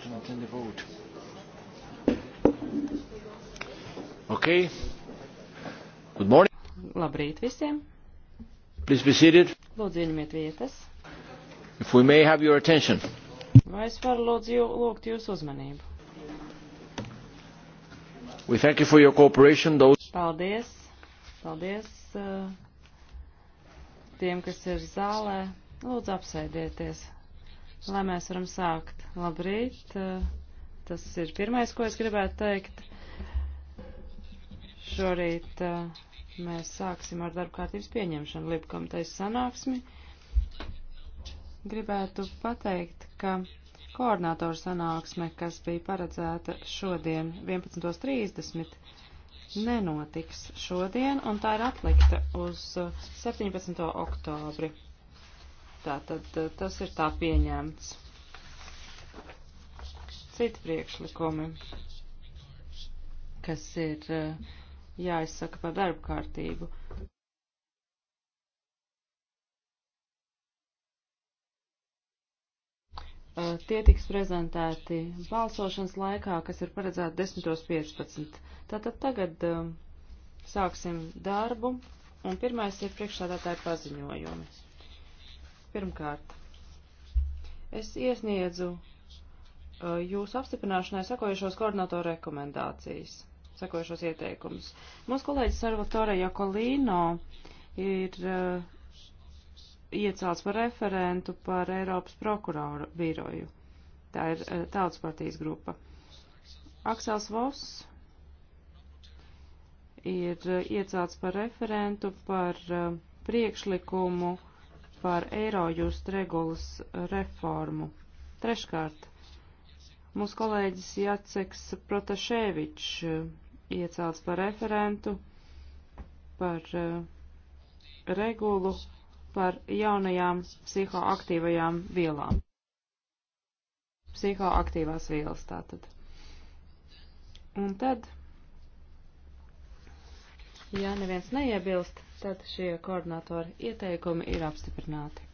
time to maintain the vote. Okay. Good morning. Labrīt visiem. Please be seated. Lūdzu, ieņemiet vietas. If we may have your attention. Vai es varu lūdzu jū, lūgt jūsu uzmanību? We thank you for your cooperation. Those... Paldies. Paldies uh, tiem, kas ir zālē. Lūdzu, apsēdieties lai mēs varam sākt. Labrīt, tas ir pirmais, ko es gribētu teikt. Šorīt eh, mēs sāksim ar darba kārtības pieņemšanu Lipkomtais sanāksmi. Gribētu pateikt, ka koordinātoru sanāksme, kas bija paredzēta šodien 11.30, nenotiks šodien, un tā ir atlikta uz 17. Eh, oktobri. Tātad eh, tas ir tā pieņemts. Citi priekšlikumi, kas ir eh, jāizsaka par darba kārtību. Eh, tie tiks prezentēti balsošanas laikā, kas ir paredzēta 10.15. Tātad tagad sāksim darbu, un pirmais ir priekšsādātāja paziņojumi. Pirmkārt, es iesniedzu uh, jūsu apstiprināšanai sakojušos koordinatoru rekomendācijas, sakojušos ieteikumus. Mūsu kolēģis Salvatore Jakolino ir uh, iecelts par referentu par Eiropas prokuroru biroju. Tā ir uh, tautas partijas grupa. Aksels Voss ir uh, iecelts par referentu par uh, priekšlikumu par Eirojust regulas reformu. Treškārt, mūsu kolēģis Jaceks Protaševičs e, iecelts par referentu par e, regulu par jaunajām psihoaktīvajām vielām. Psihoaktīvās vielas tātad. Un tad, ja neviens neiebilst, tad šie koordinatori ieteikumi ir apstiprināti.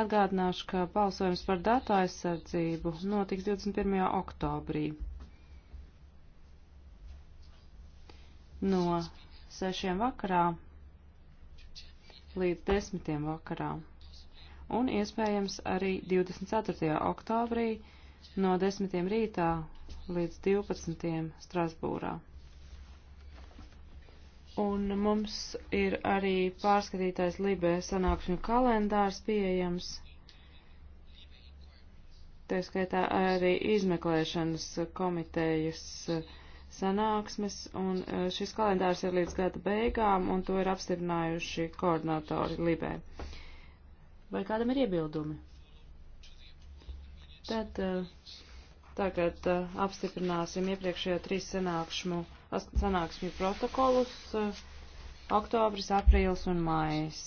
Atgādināšu, ka balsojums par datu aizsardzību notiks 21. oktobrī no 6. vakarā līdz 10. vakarā un iespējams arī 24. oktobrī no 10. rītā līdz 12. Strasbūrā. Un mums ir arī pārskatītais Libē sanākšņu kalendārs pieejams. Tā skaitā arī izmeklēšanas komitejas eh, sanāksmes, un eh, šis kalendārs ir līdz gada beigām, un to ir apstiprinājuši koordinatori Libē. Vai kādam ir iebildumi? Tad eh, tagad apstiprināsim iepriekšējo trīs sanākšmu sanāksmju protokolus eh, oktobris, aprīls un mājas.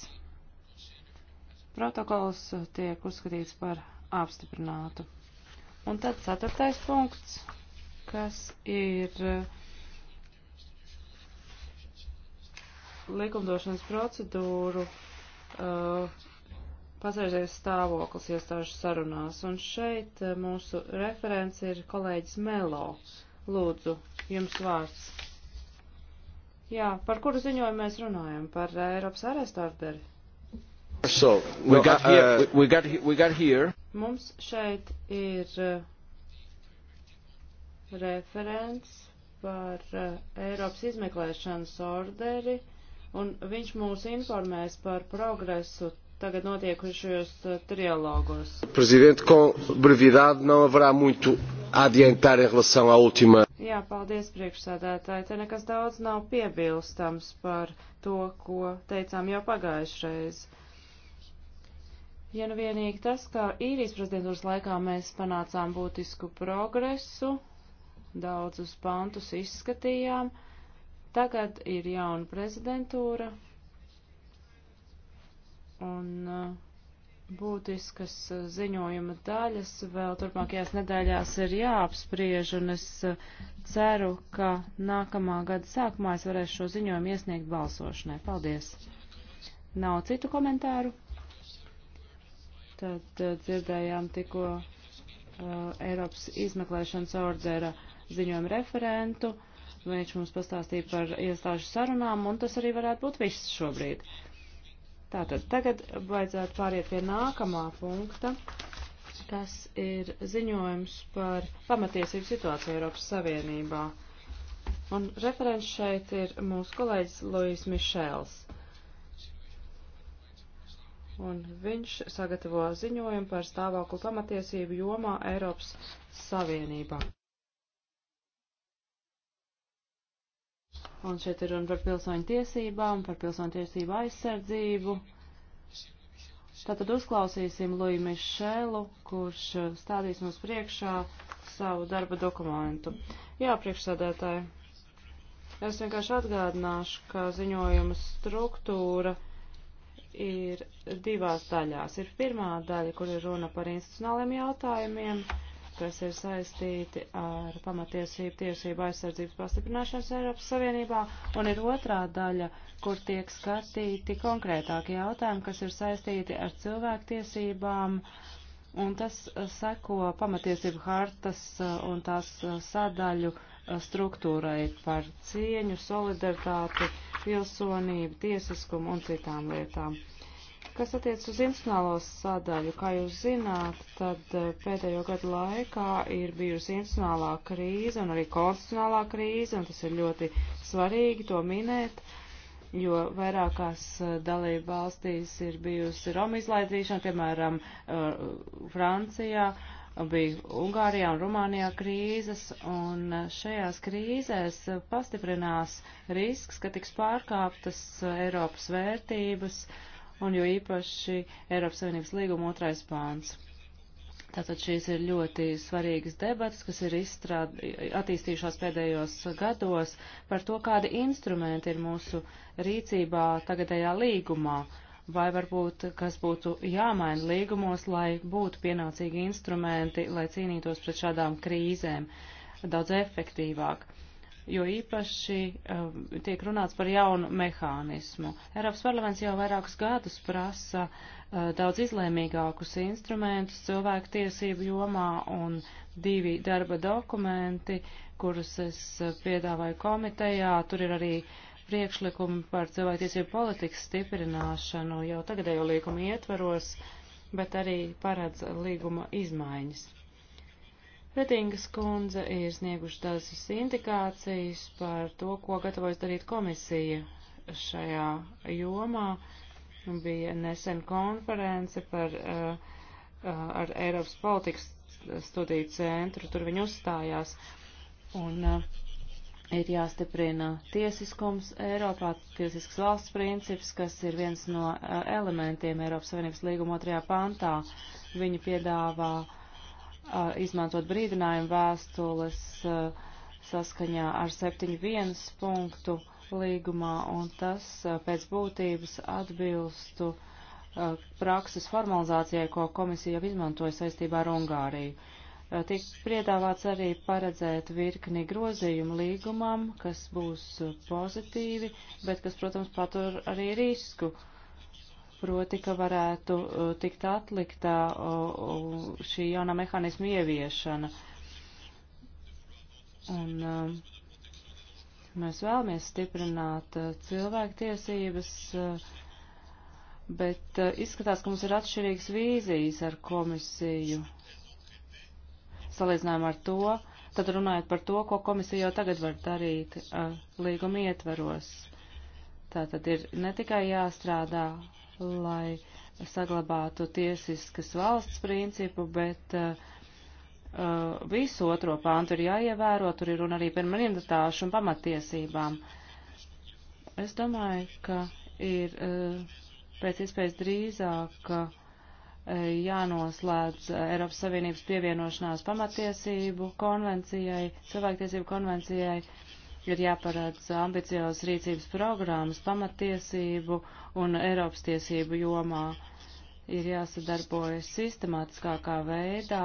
Protokols eh, tiek uzskatīts par apstiprinātu. Un tad ceturtais punkts, kas ir eh, likumdošanas procedūru uh, pasažieris stāvoklis iestāžu sarunās. Un šeit mūsu referents ir kolēģis Melo. Lūdzu, Jums vārds. Jā, par kuru ziņojumu mēs runājam? Par uh, Eiropas arestu orderi? So, we got uh, here, we got, we got here. Mums šeit ir uh, referents par uh, Eiropas izmeklēšanas orderi, un viņš mūs informēs par progresu tagad notiekušajos eh, trialogos. Prezidente, com brevidade não haverá muito a adiantar em relação à última. Jā, paldies priekšsādātāji. Te nekas daudz nav piebilstams par to, ko teicām jau pagājušreiz. Ja nu vienīgi tas, ka īrijas prezidentūras laikā mēs panācām būtisku progresu, daudzus pantus izskatījām, tagad ir jauna prezidentūra, un uh, būtiskas uh, ziņojuma daļas vēl turpmākajās nedēļās ir jāapspriež, un es uh, ceru, ka nākamā gada sākumā es varēšu šo ziņojumu iesniegt balsošanai. Paldies! Nav citu komentāru? Tad dzirdējām tikko uh, Eiropas izmeklēšanas ordzera ziņojumu referentu. Viņš mums pastāstīja par iestāžu sarunām, un tas arī varētu būt viss šobrīd. Tātad tagad vajadzētu pāriet pie nākamā punkta, kas ir ziņojums par pamatiesību situāciju Eiropas Savienībā. Un referents šeit ir mūsu kolēģis Luis Mišēls. Un viņš sagatavo ziņojumu par stāvokli pamatiesību jomā Eiropas Savienībā. Un šeit ir runa par pilsoņu tiesībām, par pilsoņu tiesību aizsardzību. Tātad uzklausīsim Lui Mišelu, kurš stādīs mums priekšā savu darba dokumentu. Jā, priekšsādētāji, es vienkārši atgādināšu, ka ziņojuma struktūra ir divās daļās. Ir pirmā daļa, kur ir runa par institucionāliem jautājumiem kas ir saistīti ar pamatiesību tiesību aizsardzības pastiprināšanas Eiropas Savienībā, un ir otrā daļa, kur tiek skatīti konkrētāki jautājumi, kas ir saistīti ar cilvēktiesībām, un tas uh, seko pamatiesību hartas uh, un tās uh, sadaļu struktūrai par cieņu, solidaritāti, pilsonību, tiesiskumu un citām lietām. Kas attiec uz institucionālo sadaļu, kā jūs zināt, tad eh, pēdējo gadu laikā ir bijusi institucionālā krīze un arī konstitucionālā krīze, un tas ir ļoti svarīgi to minēt jo vairākās eh, dalība valstīs ir bijusi Roma izlaidīšana, piemēram, eh, Francijā, bija Ungārijā un Rumānijā krīzes, un šajās krīzēs pastiprinās risks, ka tiks pārkāptas Eiropas vērtības, uh, un jo īpaši Eiropas Savienības līguma otrais pāns. Tātad šīs ir ļoti svarīgas debatas, kas ir izstrād, attīstījušās pēdējos gados par to, kādi instrumenti ir mūsu rīcībā tagadējā līgumā, vai varbūt kas būtu jāmaina līgumos, lai būtu pienācīgi instrumenti, lai cīnītos pret šādām krīzēm daudz efektīvāk. Uh, jo īpaši um, tiek runāts par jaunu mehānismu. Eiropas parlaments jau vairākus gadus prasa uh, daudz izlēmīgākus instrumentus cilvēku tiesību jomā un divi darba dokumenti, kurus es uh, piedāvāju komitejā. Tur ir arī priekšlikumi par cilvēktiesību politikas stiprināšanu jau tagadējo līguma ietvaros, bet arī paredz līguma izmaiņas. Redingas kundze ir snieguši dažas indikācijas par to, ko gatavojas darīt komisija šajā jomā. Bija nesen konference par, eh, eh, ar Eiropas politikas studiju centru, tur viņi uzstājās. Un eh, ir jāstiprina tiesiskums Eiropā, tiesisks valsts princips, kas ir viens no elementiem Eiropas Savienības līguma otrajā pantā. Viņi piedāvā uh, izmantot brīdinājumu vēstules saskaņā ar 7.1 punktu līgumā, un tas pēc būtības atbilstu prakses formalizācijai, ko komisija jau izmantoja saistībā ar Ungāriju. Tiek priedāvāts arī paredzēt virkni grozījumu līgumam, kas būs pozitīvi, bet kas, protams, patur arī risku. Uh, proti, ka varētu uh, tikt atliktā uh, uh, šī jaunā mehānisma ieviešana. Un mēs vēlamies stiprināt cilvēktiesības, bet izskatās, ka mums ir atšķirīgs vīzijas ar komisiju. Salīdzinājumā ar to, tad runājot par to, ko komisija jau tagad var darīt līguma ietveros. Tātad ir ne tikai jāstrādā lai saglabātu tiesiskas valsts principu, bet uh, uh, visu otro pāntu ir jāievēro, tur ir runa arī par minoritāšu un pamatiesībām. Es domāju, ka ir uh, pēc iespējas drīzāk uh, jānoslēdz uh, Eiropas Savienības pievienošanās pamatiesību konvencijai, cilvēktiesību konvencijai. Uh, ir jāparādz ambiciozas rīcības programmas pamatiesību un Eiropas tiesību jomā. Ir jāsadarbojas sistemātiskākā veidā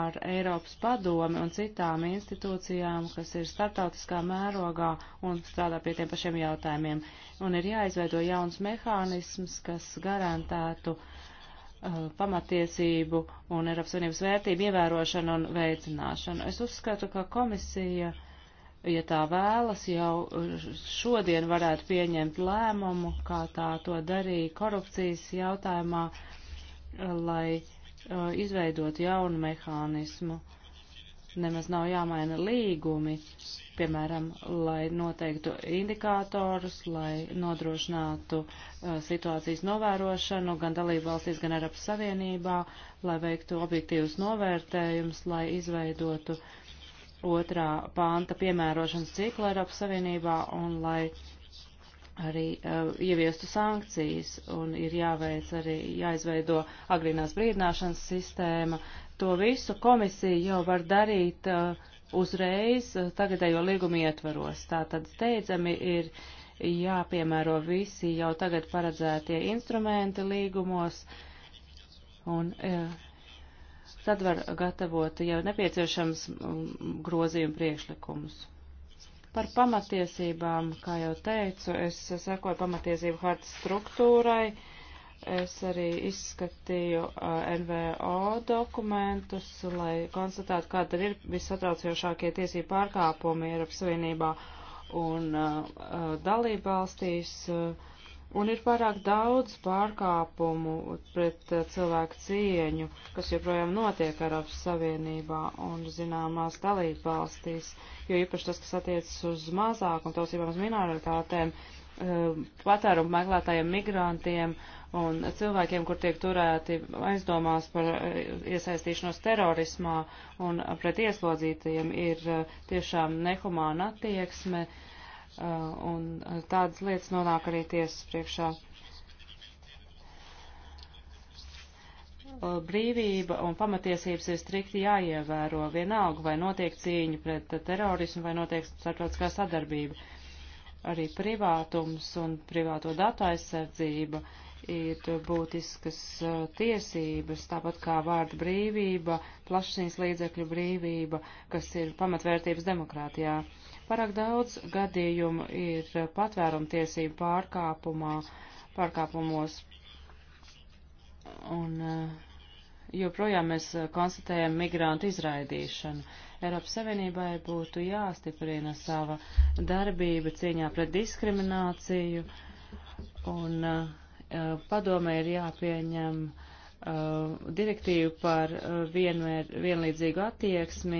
ar Eiropas padomi un citām institūcijām, kas ir startautiskā mērogā un strādā pie tiem pašiem jautājumiem. Un ir jāizveido jauns mehānisms, kas garantētu uh, pamatiesību un Eiropas Savienības vērtību ievērošanu un veicināšanu. Es uzskatu, ka komisija uh, ja tā vēlas, jau šodien varētu pieņemt lēmumu, kā tā to darīja korupcijas jautājumā, lai uh, izveidot jaunu mehānismu. Nemaz nav jāmaina līgumi, piemēram, lai noteiktu indikātorus, lai nodrošinātu uh, situācijas novērošanu gan dalību valstīs, gan Eiropas Savienībā, lai veiktu objektīvus novērtējumus, lai izveidotu uh, otrā panta piemērošanas ciklu Eiropas Savienībā un lai arī uh, ieviestu sankcijas un ir jāveic arī jāizveido agrīnās brīdināšanas sistēma. To visu komisija jau var darīt uh, uzreiz uh, tagadējo līgumu ietvaros. Tātad steidzami ir jāpiemēro visi jau tagad paredzētie instrumenti līgumos un uh, tad var gatavot jau nepieciešams mm, grozījumu priekšlikumus. Par pamatiesībām, kā jau teicu, es sekoju pamatiesību hartas struktūrai, es arī izskatīju NVO dokumentus, lai konstatētu, kāda tad ir visatraucošākie tiesību pārkāpumi Eiropas Savienībā un uh, dalību valstīs. Uh, Un ir pārāk daudz pārkāpumu pret eh, cilvēku cieņu, kas joprojām notiek Eiropas Savienībā un zināmās dalību valstīs, jo īpaši tas, kas attiecas uz mazāk un tausībām uz minoritātēm, eh, patērumu meklētājiem, migrantiem un cilvēkiem, kur tiek turēti aizdomās par eh, iesaistīšanos terorismā un pret ieslodzītajiem, ir tiešām nehumāna attieksme. Uh, Uh, un uh, tādas lietas nonāk arī tiesas priekšā. Uh, brīvība un pamatiesības ir strikti jāievēro vienalga, vai notiek cīņa pret terorismu, vai notiek starptautiskā sadarbība. Arī privātums un privāto datu aizsardzība ir būtiskas tiesības, tāpat kā vārda brīvība, plašsaziņas līdzekļu brīvība, kas ir pamatvērtības demokrātijā. Uh, Parāk daudz gadījumu ir patvērumtiesību pārkāpumā, pārkāpumos. Un eh, joprojām mēs eh, konstatējam migrantu izraidīšanu. Eiropas Savienībai būtu jāstiprina sava darbība cīņā pret diskrimināciju, un uh, eh, padome ir jāpieņem uh, Uh, direktīvu par uh, vienmēr, vienlīdzīgu attieksmi,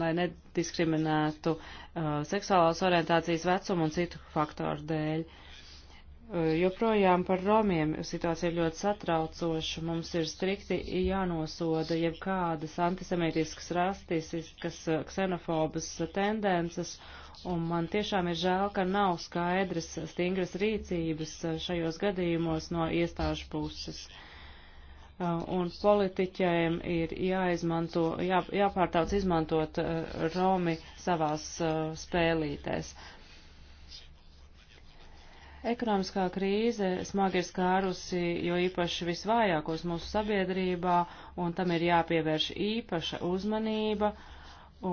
lai nediskriminētu uh, seksuālās orientācijas vecumu un citu faktoru dēļ. Joprojām par romiem situācija ir ļoti satraucoša. Mums ir strikti jānosoda jebkādas antisemītiskas, rastiskas, ksenofobas tendences, un man tiešām ir žēl, ka nav skaidras, stingras rīcības šajos gadījumos no iestāžu puses. Uh, Uh, un politiķiem ir jāizmanto, jā, jāpārtauc izmantot uh, Romi savās uh, spēlītēs. Ekonomiskā krīze smagi ir skārusi, jo īpaši visvājākos mūsu sabiedrībā, un tam ir jāpievērš īpaša uzmanība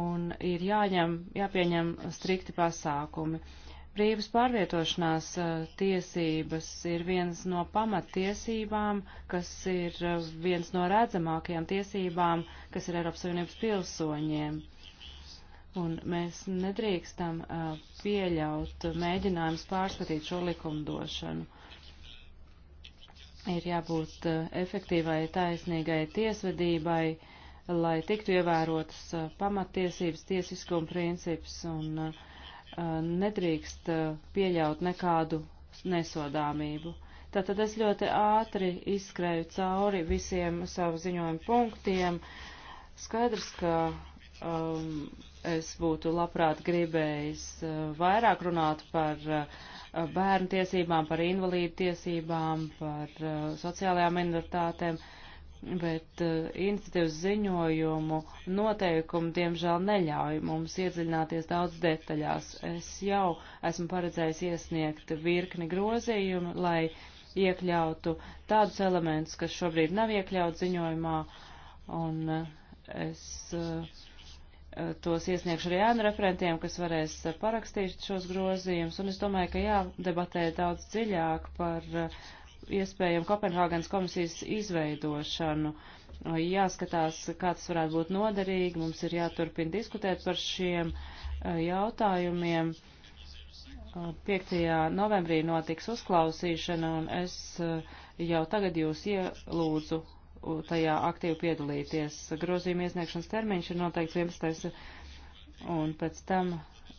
un ir jāņem, jāpieņem strikti pasākumi. Uh, Brīvas pārvietošanās eh, tiesības ir viens no pamattiesībām, kas ir eh, viens no redzamākajām tiesībām, kas ir Eiropas Savienības pilsoņiem. Un mēs nedrīkstam eh, pieļaut mēģinājums pārskatīt šo likumdošanu. Ir jābūt efektīvai, taisnīgai tiesvedībai, lai tiktu ievērotas pamattiesības, tiesiskuma princips un uh, Uh, nedrīkst uh, pieļaut nekādu nesodāmību. Tātad es ļoti ātri izskrēju cauri visiem savu ziņojumu punktiem. Skaidrs, ka um, es būtu labprāt gribējis uh, vairāk runāt par uh, bērnu tiesībām, par invalīdu tiesībām, par uh, sociālajām minoritātēm. Uh, bet uh, iniciatīvas ziņojumu noteikumi, diemžēl, neļauj mums iedziļināties daudz detaļās. Es jau esmu paredzējis iesniegt virkni grozījumu, lai iekļautu tādus elementus, kas šobrīd nav iekļauts ziņojumā, un uh, es uh, tos iesniegšu arī ēnu referentiem, kas varēs parakstīt šos grozījumus, un es domāju, ka jādebatē daudz dziļāk par uh, iespējamu Kopenhāgenes komisijas izveidošanu. Jāskatās, kā tas varētu būt noderīgi, mums ir jāturpina diskutēt par šiem eh, jautājumiem. 5. novembrī notiks uzklausīšana, un es eh, jau tagad jūs ielūdzu tajā aktīvi piedalīties. Grozījuma iesniegšanas termiņš ir noteikts 11. un pēc tam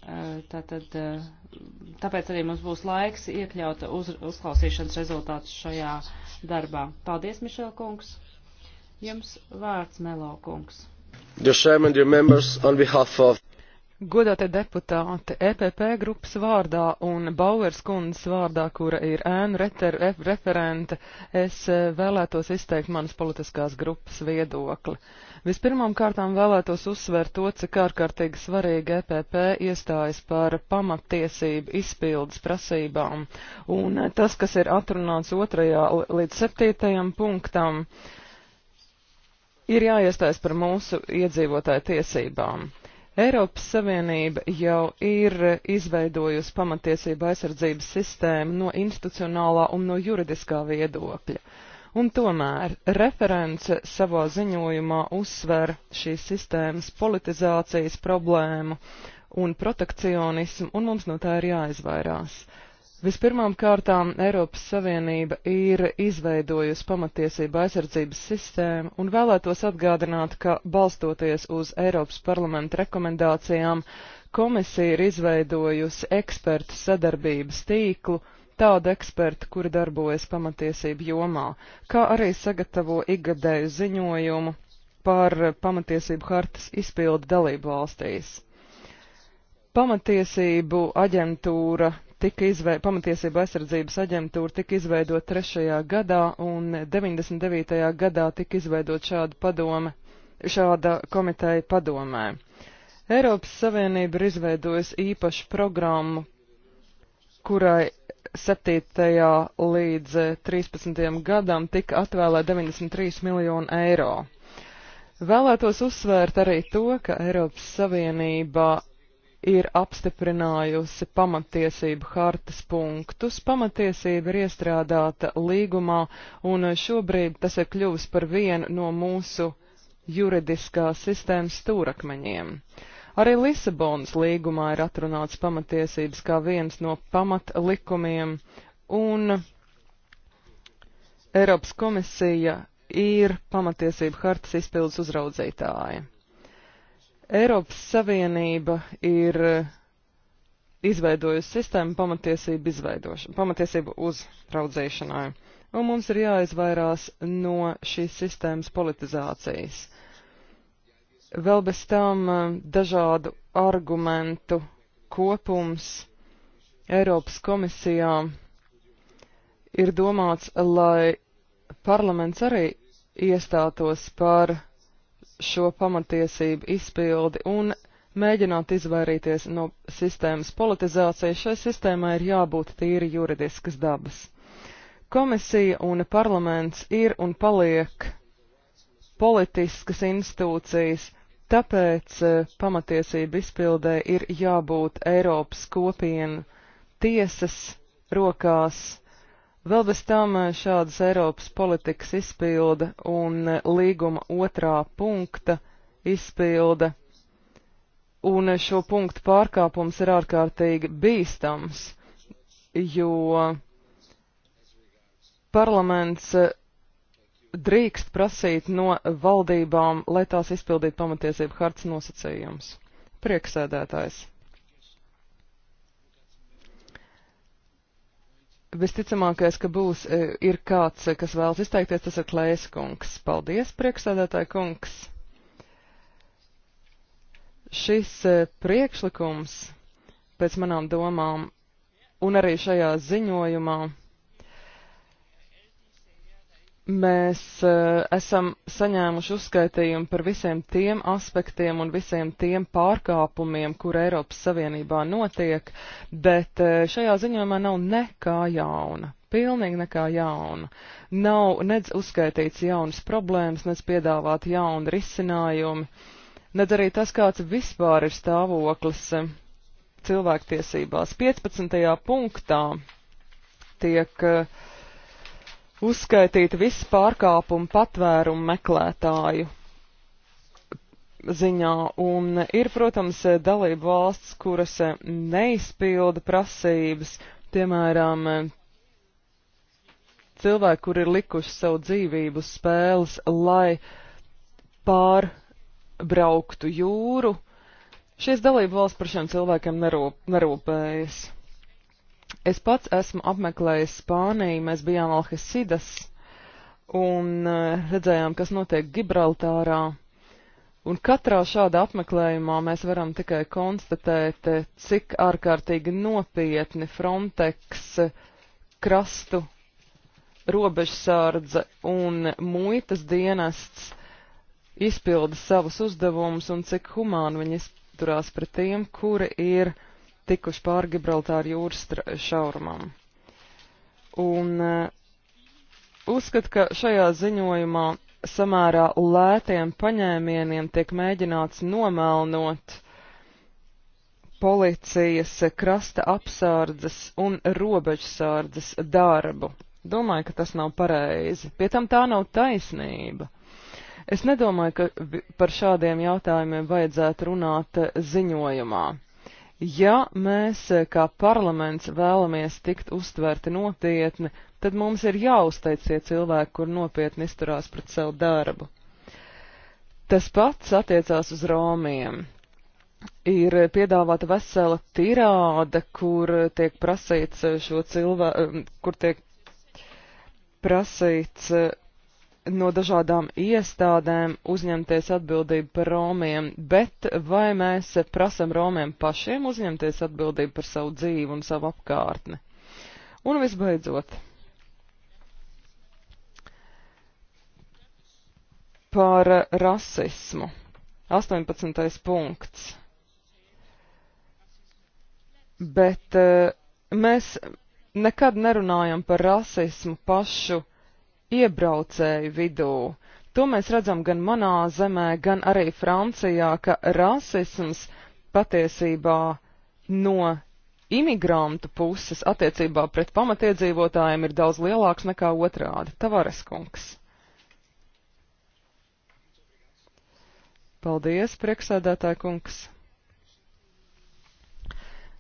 Eh, tātad, eh, tāpēc arī mums būs laiks iekļaut uz, uzklausīšanas rezultātus šajā darbā. Paldies, Mišel kungs. Jums vārds Melo kungs. Dear chairman, dear members, on behalf of Godātie deputāti, EPP grupas vārdā un Bauers kundzes vārdā, kura ir ēnu reter, e, referente, es e, vēlētos izteikt manas politiskās grupas viedokli. Vispirmām kārtām vēlētos uzsvērt to, cik ārkārtīgi svarīgi EPP iestājas par pamattiesību izpildes prasībām, un e, tas, kas ir atrunāts otrajā līdz septītajam punktam, ir jāiestājas par mūsu iedzīvotāju tiesībām. Eiropas Savienība jau ir izveidojusi pamatiesību aizsardzības sistēmu no institucionālā un no juridiskā viedokļa. Un tomēr reference savā ziņojumā uzsver šīs sistēmas politizācijas problēmu un protekcionismu, un mums no tā ir jāizvairās. Vispirmām kārtām Eiropas Savienība ir izveidojusi pamatiesība aizsardzības sistēmu un vēlētos atgādināt, ka balstoties uz Eiropas parlamenta rekomendācijām, komisija ir izveidojusi ekspertu sadarbības tīklu, tādu ekspertu, kuri darbojas pamatiesību jomā, kā arī sagatavo ikgadēju ziņojumu par pamatiesību hartas izpildu dalību valstīs. Pamatiesību aģentūra tika izveidota pamatiesība aizsardzības aģentūra, tika izveidota trešajā gadā, un 99. gadā tika izveidota šāda padome, šāda komiteja padomē. Eiropas Savienība ir izveidojusi īpašu programmu, kurai 7. līdz 13. gadam tika atvēlē 93 miljonu eiro. Vēlētos uzsvērt arī to, ka Eiropas Savienība ir apstiprinājusi pamatiesību hartas punktus. Pamatiesība ir iestrādāta līgumā, un šobrīd tas ir kļuvis par vienu no mūsu juridiskās sistēmas stūrakmeņiem. Arī Lisabonas līgumā ir atrunāts pamatiesības kā viens no pamatlikumiem, un Eiropas komisija ir pamatiesību hartas izpildes uzraudzītāja. Eiropas Savienība ir eh, izveidojusi sistēmu pamatiesību, pamatiesību uzraudzēšanai, un mums ir jāizvairās no šīs sistēmas politizācijas. Vēl bez tam eh, dažādu argumentu kopums Eiropas komisijā ir domāts, lai parlaments arī iestātos par šo pamatiesību izpildi un mēģināt izvairīties no sistēmas politizācijas, šai sistēmai ir jābūt tīri juridiskas dabas. Komisija un parlaments ir un paliek politiskas institūcijas, tāpēc e, pamatiesību izpildē ir jābūt Eiropas kopienu tiesas rokās, Vēl bez tam eh, šādas Eiropas politikas izpilda un eh, līguma otrā punkta izpilda, un eh, šo punktu pārkāpums ir ārkārtīgi bīstams, jo parlaments drīkst prasīt no valdībām, lai tās izpildītu pamatiesību hartas nosacījumus. Prieksēdētājs. Visticamākais, ka būs, e, ir kāds, e, kas vēlas izteikties, tas ir Klējas kungs. Paldies, priekšsēdētāji kungs. Šis e, priekšlikums, pēc manām domām, un arī šajā ziņojumā mēs uh, esam saņēmuši uzskaitījumu par visiem tiem aspektiem un visiem tiem pārkāpumiem, kur Eiropas Savienībā notiek, bet uh, šajā ziņojumā nav nekā jauna. Pilnīgi nekā jauna. Nav nedz uzskaitīts jaunas problēmas, nedz piedāvāt jaunu risinājumu, nedz arī tas, kāds vispār ir stāvoklis eh, cilvēktiesībās. 15. punktā tiek uh, uzskaitīt visu pārkāpumu patvērumu meklētāju ziņā, un ir, protams, dalību valsts, kuras neizpilda prasības, piemēram, cilvēki, kur ir likuši savu dzīvību spēles, lai pārbrauktu jūru, šīs dalību valsts par šiem cilvēkiem nerūp, nerūpējas. Es pats esmu apmeklējis Spāniju, mēs bijām Alhesidas un eh, redzējām, kas notiek Gibraltārā. Un katrā šāda apmeklējumā mēs varam tikai konstatēt, eh, cik ārkārtīgi nopietni Frontex eh, krastu robežsārdze un muitas dienests izpilda savus uzdevumus un cik humāni viņi izturās pret tiem, kuri ir uh, tikuši pāri Gibraltāru jūras šaurumam. Un eh, uzskatu, ka šajā ziņojumā samērā lētiem paņēmieniem tiek mēģināts nomelnot policijas, krasta apsārdzes un robežsārdzes darbu. Domāju, ka tas nav pareizi. Pie tam tā nav taisnība. Es nedomāju, ka par šādiem jautājumiem vajadzētu runāt eh, ziņojumā. Ja mēs eh, kā parlaments vēlamies tikt uztverti nopietni, tad mums ir jāuzteic tie cilvēki, kur nopietni izturās pret savu darbu. Tas pats attiecās uz Romiem. Ir piedāvāta vesela tirāda, kur tiek prasīts eh, šo cilvēku, eh, kur tiek prasīts no dažādām iestādēm uzņemties atbildību par romiem, bet vai mēs prasam romiem pašiem uzņemties atbildību par savu dzīvi un savu apkārtni? Un visbeidzot, par rasismu. 18. punkts. Bet eh, mēs nekad nerunājam par rasismu pašu iebraucēju vidū. To mēs redzam gan manā zemē, gan arī Francijā, ka rasisms patiesībā no imigrantu puses attiecībā pret pamatiedzīvotājiem ir daudz lielāks nekā otrādi. Tavares kungs. Paldies, prieksēdētāji kungs.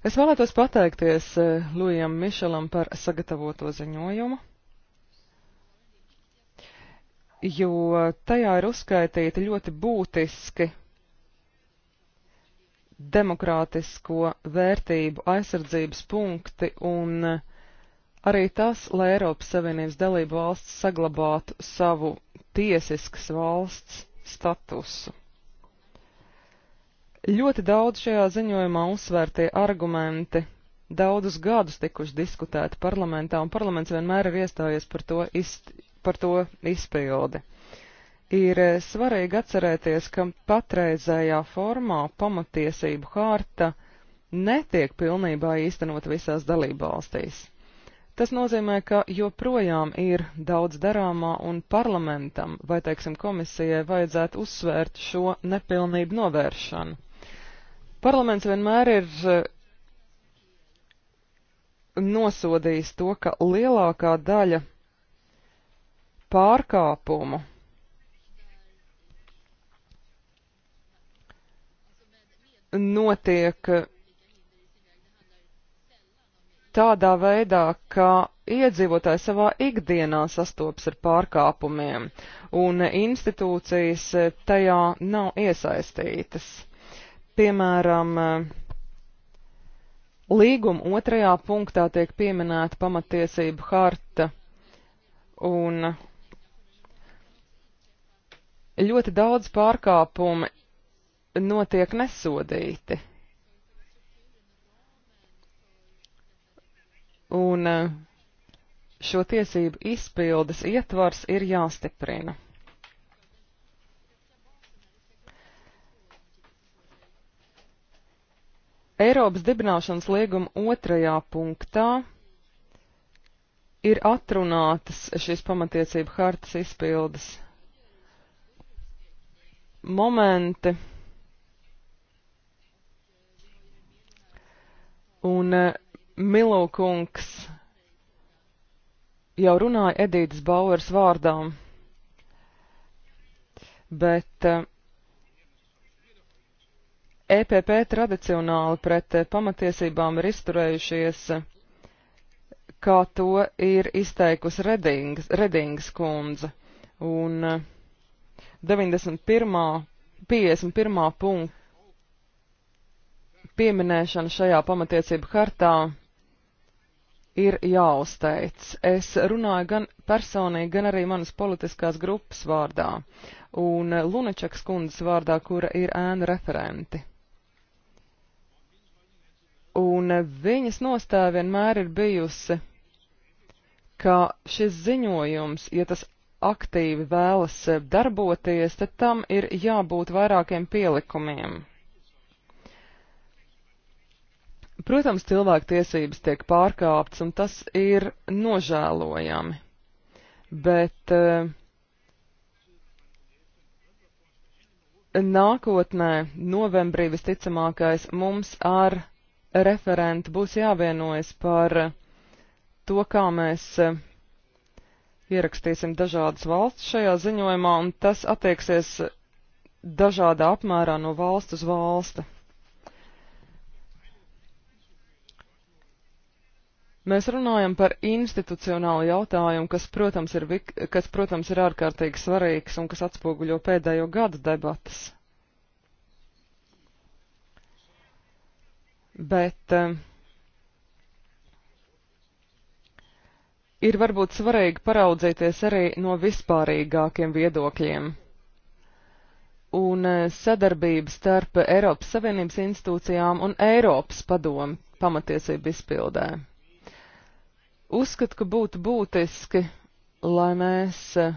Es vēlētos pateikties eh, Lujam Mišelam par sagatavoto ziņojumu jo tajā ir uzskaitīti ļoti būtiski demokrātisko vērtību aizsardzības punkti un arī tas, lai Eiropas Savienības dalību valsts saglabātu savu tiesiskas valsts statusu. Ļoti daudz šajā ziņojumā uzsvērtie argumenti daudzus gadus tikuši diskutēti parlamentā, un parlaments vienmēr ir iestājies par to par to izpildi. Ir eh, svarīgi atcerēties, ka patreizējā formā pamatiesību hārta netiek pilnībā īstenot visās dalībvalstīs. Tas nozīmē, ka joprojām ir daudz darāmā un parlamentam vai, teiksim, komisijai vajadzētu uzsvērt šo nepilnību novēršanu. Parlaments vienmēr ir eh, nosodījis to, ka lielākā daļa pārkāpumu. Notiek tādā veidā, ka iedzīvotāji savā ikdienā sastopas ar pārkāpumiem, un institūcijas tajā nav iesaistītas. Piemēram, līguma otrajā punktā tiek pieminēta pamatiesību harta, un Ļoti daudz pārkāpumu notiek nesodīti. Un eh, šo tiesību izpildes ietvars ir jāstiprina. Eiropas dibināšanas lieguma otrajā punktā ir atrunātas šīs pamatiecību hartas izpildes momenti. Un eh, Milūkungs jau runāja Edītas Bauers vārdām, bet EPP eh, e tradicionāli pret eh, pamatiesībām ir izturējušies, kā to ir izteikusi Redings, Redings kundze. Un, uh, 91. 51. punkta pieminēšana šajā pamatiecību hartā ir jāuzteic. Es runāju gan personīgi, gan arī manas politiskās grupas vārdā un Lunačakas kundzes vārdā, kura ir ēna referenti. Un viņas nostāja vienmēr ir bijusi, ka šis ziņojums, ja tas aktīvi vēlas eh, darboties, tad tam ir jābūt vairākiem pielikumiem. Protams, cilvēktiesības tiek pārkāptas, un tas ir nožēlojami, bet uh, nākotnē, novembrī visticamākais, mums ar referentu būs jāvienojas par to, kā mēs uh, ierakstīsim dažādas valsts šajā ziņojumā, un tas attieksies dažādā apmērā no valsts uz valsti. Mēs runājam par institucionālu jautājumu, kas, protams, ir, kas, protams, ir ārkārtīgi svarīgs un kas atspoguļo pēdējo gadu debatas. Bet eh, ir varbūt svarīgi paraudzīties arī no vispārīgākiem viedokļiem. Un eh, sadarbība starp Eiropas Savienības institūcijām un Eiropas padomu pamatiesību izpildē. Uzskatu, ka būtu būtiski, lai mēs eh,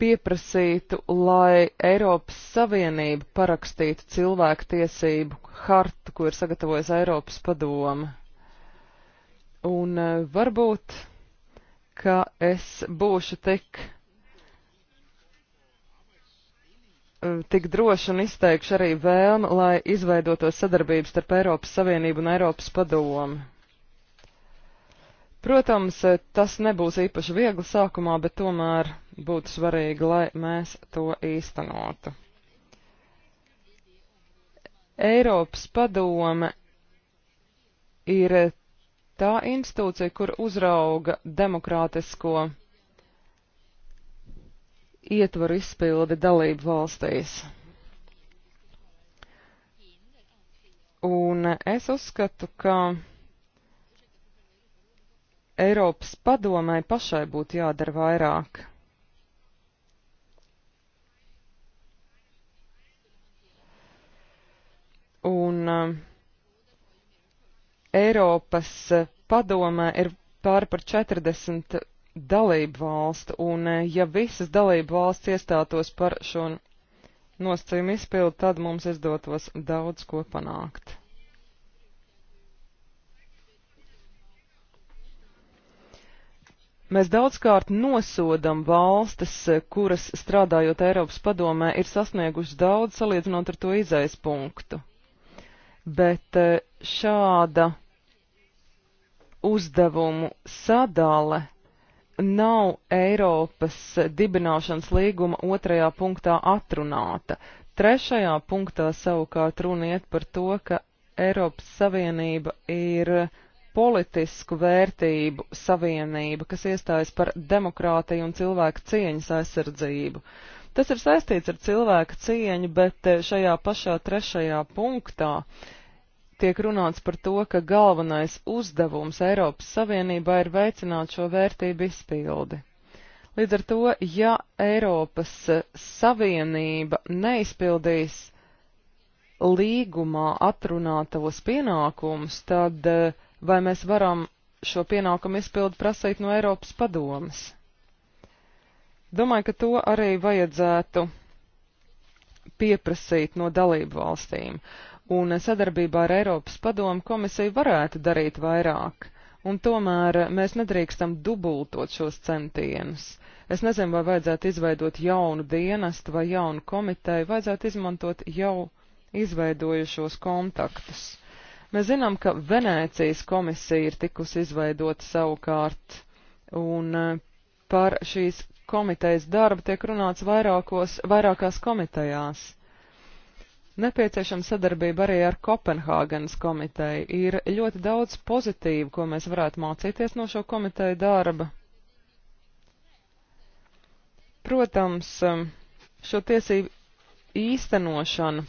pieprasītu, lai Eiropas Savienība parakstītu cilvēku tiesību hartu, ko ir sagatavojis Eiropas padome. Un eh, varbūt, ka es būšu tik, eh, tik droši un izteikšu arī vēlmu, lai izveidotos sadarbības starp Eiropas Savienību un Eiropas padomu. Protams, eh, tas nebūs īpaši viegli sākumā, bet tomēr būtu svarīgi, lai mēs to īstenotu. Eiropas padome ir tā institūcija, kur uzrauga demokrātisko ietvaru izpildi dalību valstīs. Un es uzskatu, ka Eiropas padomai pašai būtu jādara vairāk. Un uh, Eiropas eh, padomē ir pāri par 40 dalību valstu, un eh, ja visas dalību valsts iestātos par šo nosacījumu izpildu, tad mums izdotos daudz ko panākt. Mēs daudzkārt nosodam valstis, eh, kuras strādājot Eiropas padomē, ir sasniegušas daudz salīdzinot ar to izaispunktu bet eh, šāda uzdevumu sadale nav Eiropas dibināšanas līguma otrajā punktā atrunāta. Trešajā punktā savukārt runa iet par to, ka Eiropas Savienība ir politisku vērtību savienība, kas iestājas par demokrātiju un cilvēku cieņas aizsardzību. Uh, Tas ir saistīts ar cilvēka cieņu, bet eh, šajā pašā trešajā punktā tiek runāts par to, ka galvenais uzdevums Eiropas Savienībā ir veicināt šo vērtību izpildi. Līdz ar to, ja Eiropas eh, Savienība neizpildīs līgumā atrunātos pienākumus, tad eh, vai mēs varam šo pienākumu izpildu prasīt no Eiropas padomas? Domāju, ka to arī vajadzētu pieprasīt no dalību valstīm, un sadarbībā ar Eiropas padomu komisiju varētu darīt vairāk, un tomēr mēs nedrīkstam dubultot šos centienus. Es nezinu, vai vajadzētu izveidot jaunu dienestu vai jaunu komiteju, vajadzētu izmantot jau izveidojušos kontaktus. Mēs zinām, ka Venēcijas komisija ir tikusi izveidota savukārt, un par šīs komitejas darba tiek runāts vairākos, vairākās komitejās. Nepieciešama sadarbība arī ar Kopenhāgenes komiteju. Ir ļoti daudz pozitīvu, ko mēs varētu mācīties no šo komiteju darba. Protams, um, šo tiesību īstenošana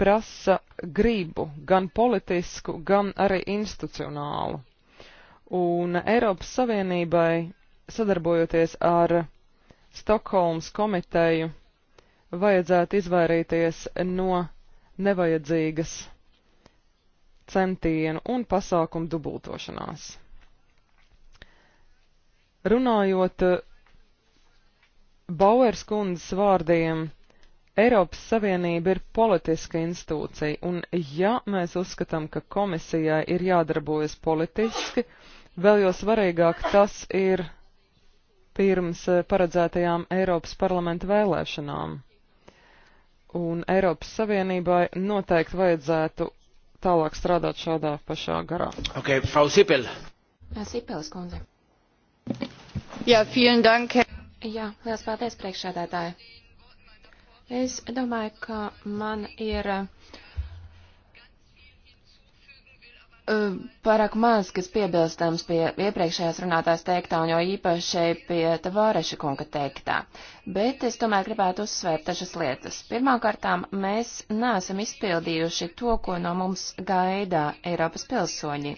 prasa gribu, gan politisku, gan arī institucionālu. Un Eiropas Savienībai, sadarbojoties ar Stokholmas komiteju vajadzētu izvairīties no nevajadzīgas centienu un pasākumu dubultošanās. Runājot Bauers kundzes vārdiem, Eiropas Savienība ir politiska institūcija, un ja mēs uzskatām, ka komisijai ir jādarbojas politiski, vēl jau svarīgāk tas ir pirms eh, paredzētajām Eiropas parlamenta vēlēšanām. Un Eiropas Savienībai noteikti vajadzētu tālāk strādāt šādā pašā garā. Ok, Frau Sipel. Sipelis kundze. Jā, vielen dank. Jā, liels paldies priekšādātāji. Es domāju, ka man ir uh, Eh, pārāk maz, kas piebilstams pie iepriekšējās runātās teiktā un jau īpaši pie Tavāreša kunga teiktā. Bet es tomēr gribētu uzsvērt dažas lietas. Pirmkārtām, mēs neesam izpildījuši to, ko no mums gaidā Eiropas pilsoņi.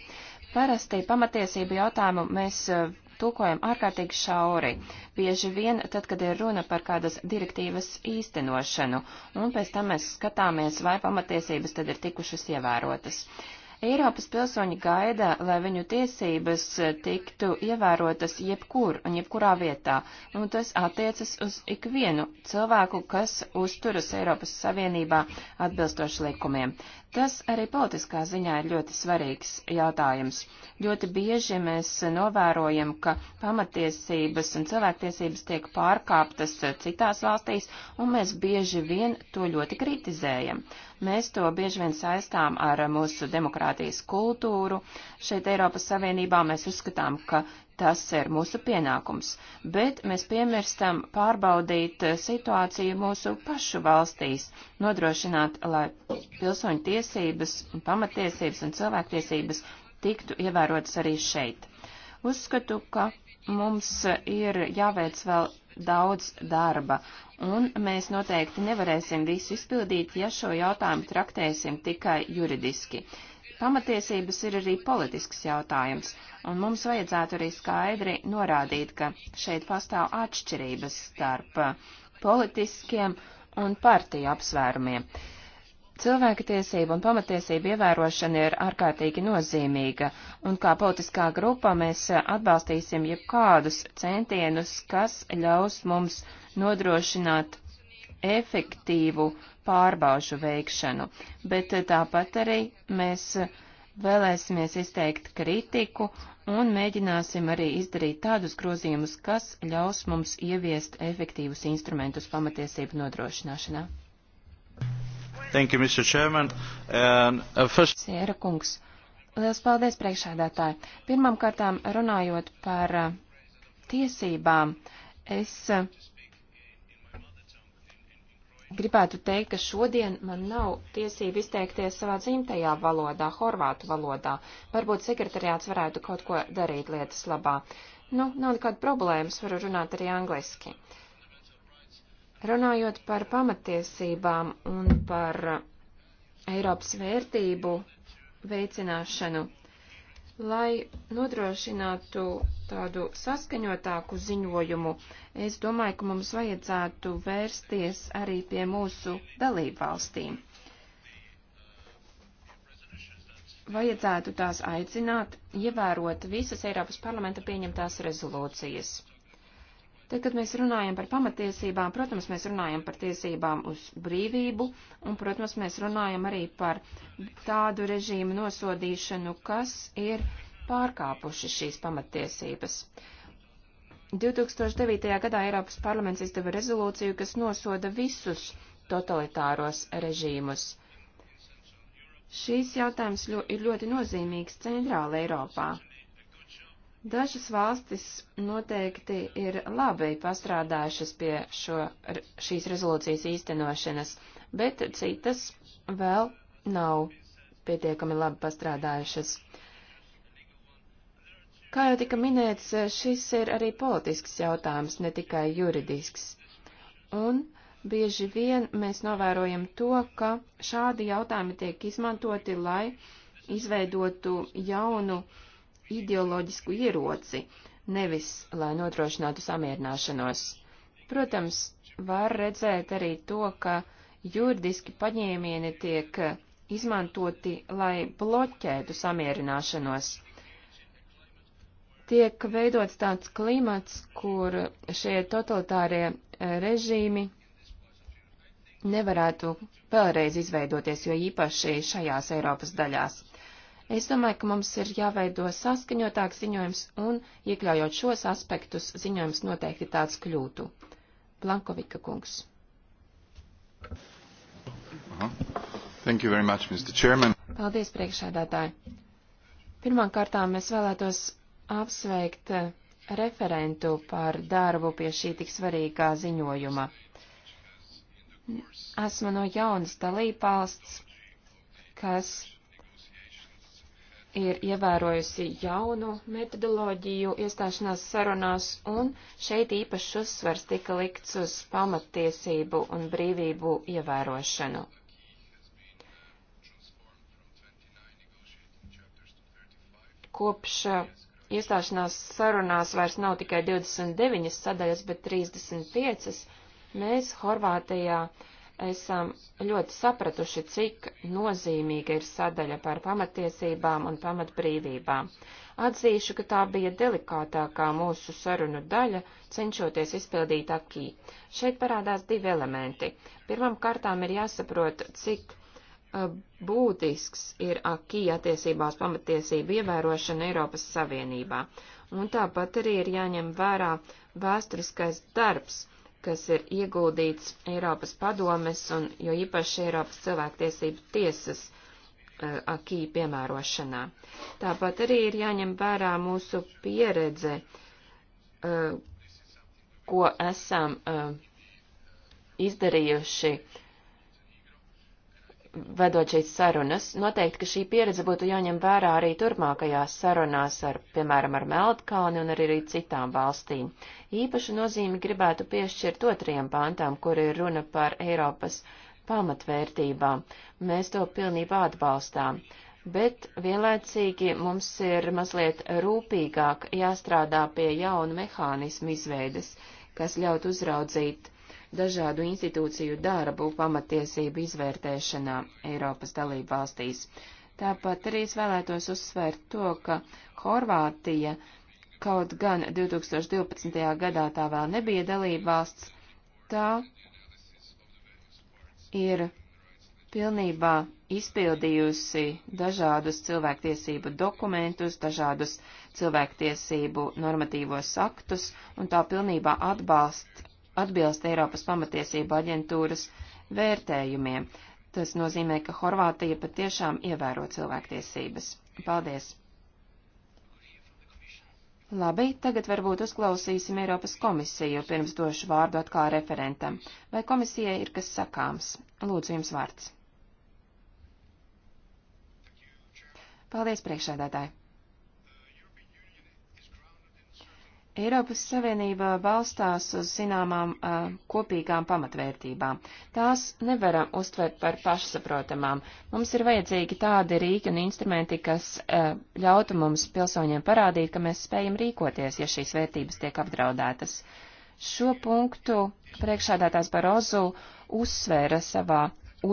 Parasti pamatiesību jautājumu mēs eh, tulkojam ārkārtīgi šauri, bieži vien tad, kad ir runa par kādas direktīvas īstenošanu, un pēc tam mēs skatāmies, vai pamatiesības tad ir tikušas ievērotas. Uh, Eiropas pilsoņi gaida, lai viņu tiesības eh, tiktu ievērotas jebkur un jebkurā vietā, un tas attiecas uz ikvienu cilvēku, kas uzturas Eiropas Savienībā atbilstoši likumiem. Tas arī politiskā ziņā ir ļoti svarīgs jautājums. Ļoti bieži mēs novērojam, ka pamatiesības un cilvēktiesības tiek pārkāptas citās valstīs, un mēs bieži vien to ļoti kritizējam. Mēs to bieži vien saistām ar mūsu demokrātijas kultūru. Šeit Eiropas Savienībā mēs uzskatām, ka Tas ir mūsu pienākums, bet mēs piemirstam pārbaudīt situāciju mūsu pašu valstīs, nodrošināt, lai pilsoņu tiesības, pamatiesības un cilvēktiesības tiktu ievērotas arī šeit. Uzskatu, ka mums ir jāveic vēl daudz darba, un mēs noteikti nevarēsim visu izpildīt, ja šo jautājumu traktēsim tikai juridiski. Pamatiesības ir arī politisks jautājums, un mums vajadzētu arī skaidri norādīt, ka šeit pastāv atšķirības starp politiskiem un partiju apsvērumiem. Cilvēka tiesība un pamatiesība ievērošana ir ārkārtīgi nozīmīga, un kā politiskā grupa mēs atbalstīsim jebkādus centienus, kas ļaus mums nodrošināt efektīvu pārbaužu veikšanu, bet eh, tāpat arī mēs vēlēsimies izteikt kritiku un mēģināsim arī izdarīt tādus grozījumus, kas ļaus mums ieviest efektīvus instrumentus pamatiesību nodrošināšanā. Thank you, Mr. Chairman. And, uh, first... Siera kungs, liels paldies priekšādātāji. Pirmam kārtām runājot par uh, tiesībām, es uh, gribētu teikt, ka šodien man nav tiesība izteikties savā dzimtajā valodā, horvātu valodā. Varbūt sekretariāts varētu kaut ko darīt lietas labā. Nu, nav nekāda problēmas, varu runāt arī angliski. Runājot par pamatiesībām un par Eiropas vērtību veicināšanu, Lai nodrošinātu tādu saskaņotāku ziņojumu, es domāju, ka mums vajadzētu vērsties arī pie mūsu dalību valstīm. Vajadzētu tās aicināt, ievērot visas Eiropas parlamenta pieņemtās rezolūcijas. Tad, kad mēs runājam par pamatiesībām, protams, mēs runājam par tiesībām uz brīvību, un, protams, mēs runājam arī par tādu režīmu nosodīšanu, kas ir pārkāpuši šīs pamatiesības. 2009. gadā Eiropas parlaments izdeva rezolūciju, kas nosoda visus totalitāros režīmus. Šīs jautājums ļo, ir ļoti nozīmīgs Centrāla Eiropā. Dažas valstis noteikti ir labi pastrādājušas pie šo, šīs rezolūcijas īstenošanas, bet citas vēl nav pietiekami labi pastrādājušas. Kā jau tika minēts, šis ir arī politisks jautājums, ne tikai juridisks. Un bieži vien mēs novērojam to, ka šādi jautājumi tiek izmantoti, lai izveidotu jaunu uh, ideoloģisku ieroci, nevis lai nodrošinātu samierināšanos. Protams, var redzēt arī to, ka juridiski paņēmieni tiek izmantoti, lai bloķētu samierināšanos. Tiek veidots tāds klimats, kur šie totalitārie eh, režīmi nevarētu vēlreiz izveidoties, jo īpaši šajās Eiropas daļās. Es domāju, ka mums ir jāveido saskaņotāk ziņojums un, iekļaujot šos aspektus, ziņojums noteikti tāds kļūtu. Blankovika kungs. Aha. Thank you very much, Mr. Chairman. Paldies, priekšēdētāji. Pirmkārtām es vēlētos apsveikt eh, referentu par darbu pie šī tik svarīgā ziņojuma. Esmu no jaunas dalībvalsts, kas ir ievērojusi jaunu metodoloģiju iestāšanās sarunās, un šeit īpašs uzsvars tika likts uz pamattiesību un brīvību ievērošanu. Kopš iestāšanās sarunās vairs nav tikai 29 sadaļas, bet 35, mēs Horvātijā uh, esam ļoti sapratuši, cik nozīmīga ir sadaļa par pamatiesībām un pamatbrīvībām. Atzīšu, ka tā bija delikātākā mūsu sarunu daļa, cenšoties izpildīt akī. Šeit parādās divi elementi. Pirmam kārtām ir jāsaprot, cik uh, būtisks ir akī attiecībās pamatiesību ievērošana Eiropas Savienībā. Un tāpat arī ir jāņem vērā vēsturiskais darbs, kas ir ieguldīts Eiropas padomes un jo īpaši Eiropas cilvēktiesību tiesas uh, akī piemērošanā. Tāpat arī ir jāņem vērā mūsu pieredze, uh, ko esam uh, izdarījuši vedot šīs sarunas, noteikti, ka šī pieredze būtu jāņem vērā arī turpmākajās sarunās ar, piemēram, ar Meltkalni un arī, arī citām valstīm. Īpašu nozīmi gribētu piešķirt otriem pāntām, kur ir runa par Eiropas pamatvērtībām. Mēs to pilnībā atbalstām. Bet vienlaicīgi mums ir mazliet rūpīgāk jāstrādā pie jaunu mehānismu izveides, kas ļaut uzraudzīt dažādu institūciju darbu pamatiesību izvērtēšanā Eiropas dalību valstīs. Tāpat arī es vēlētos uzsvērt to, ka Horvātija kaut gan 2012. gadā tā vēl nebija dalība valsts, tā ir pilnībā izpildījusi dažādus cilvēktiesību dokumentus, dažādus cilvēktiesību normatīvos aktus, un tā pilnībā atbalst atbilst Eiropas pamatiesību aģentūras vērtējumiem. Tas nozīmē, ka Horvātija patiešām ievēro cilvēktiesības. Paldies! Labi, tagad varbūt uzklausīsim Eiropas komisiju, pirms došu vārdu atkal referentam. Vai komisijai ir kas sakāms? Lūdzu, jums vārds. Paldies, priekšēdētāji! Eiropas Savienība balstās uz zināmām uh, kopīgām pamatvērtībām. Tās nevaram uztvert par pašsaprotamām. Mums ir vajadzīgi tādi rīki un instrumenti, kas uh, ļautu mums pilsoņiem parādīt, ka mēs spējam rīkoties, ja šīs vērtības tiek apdraudētas. Šo punktu priekšādātājs Barozu uzsvēra savā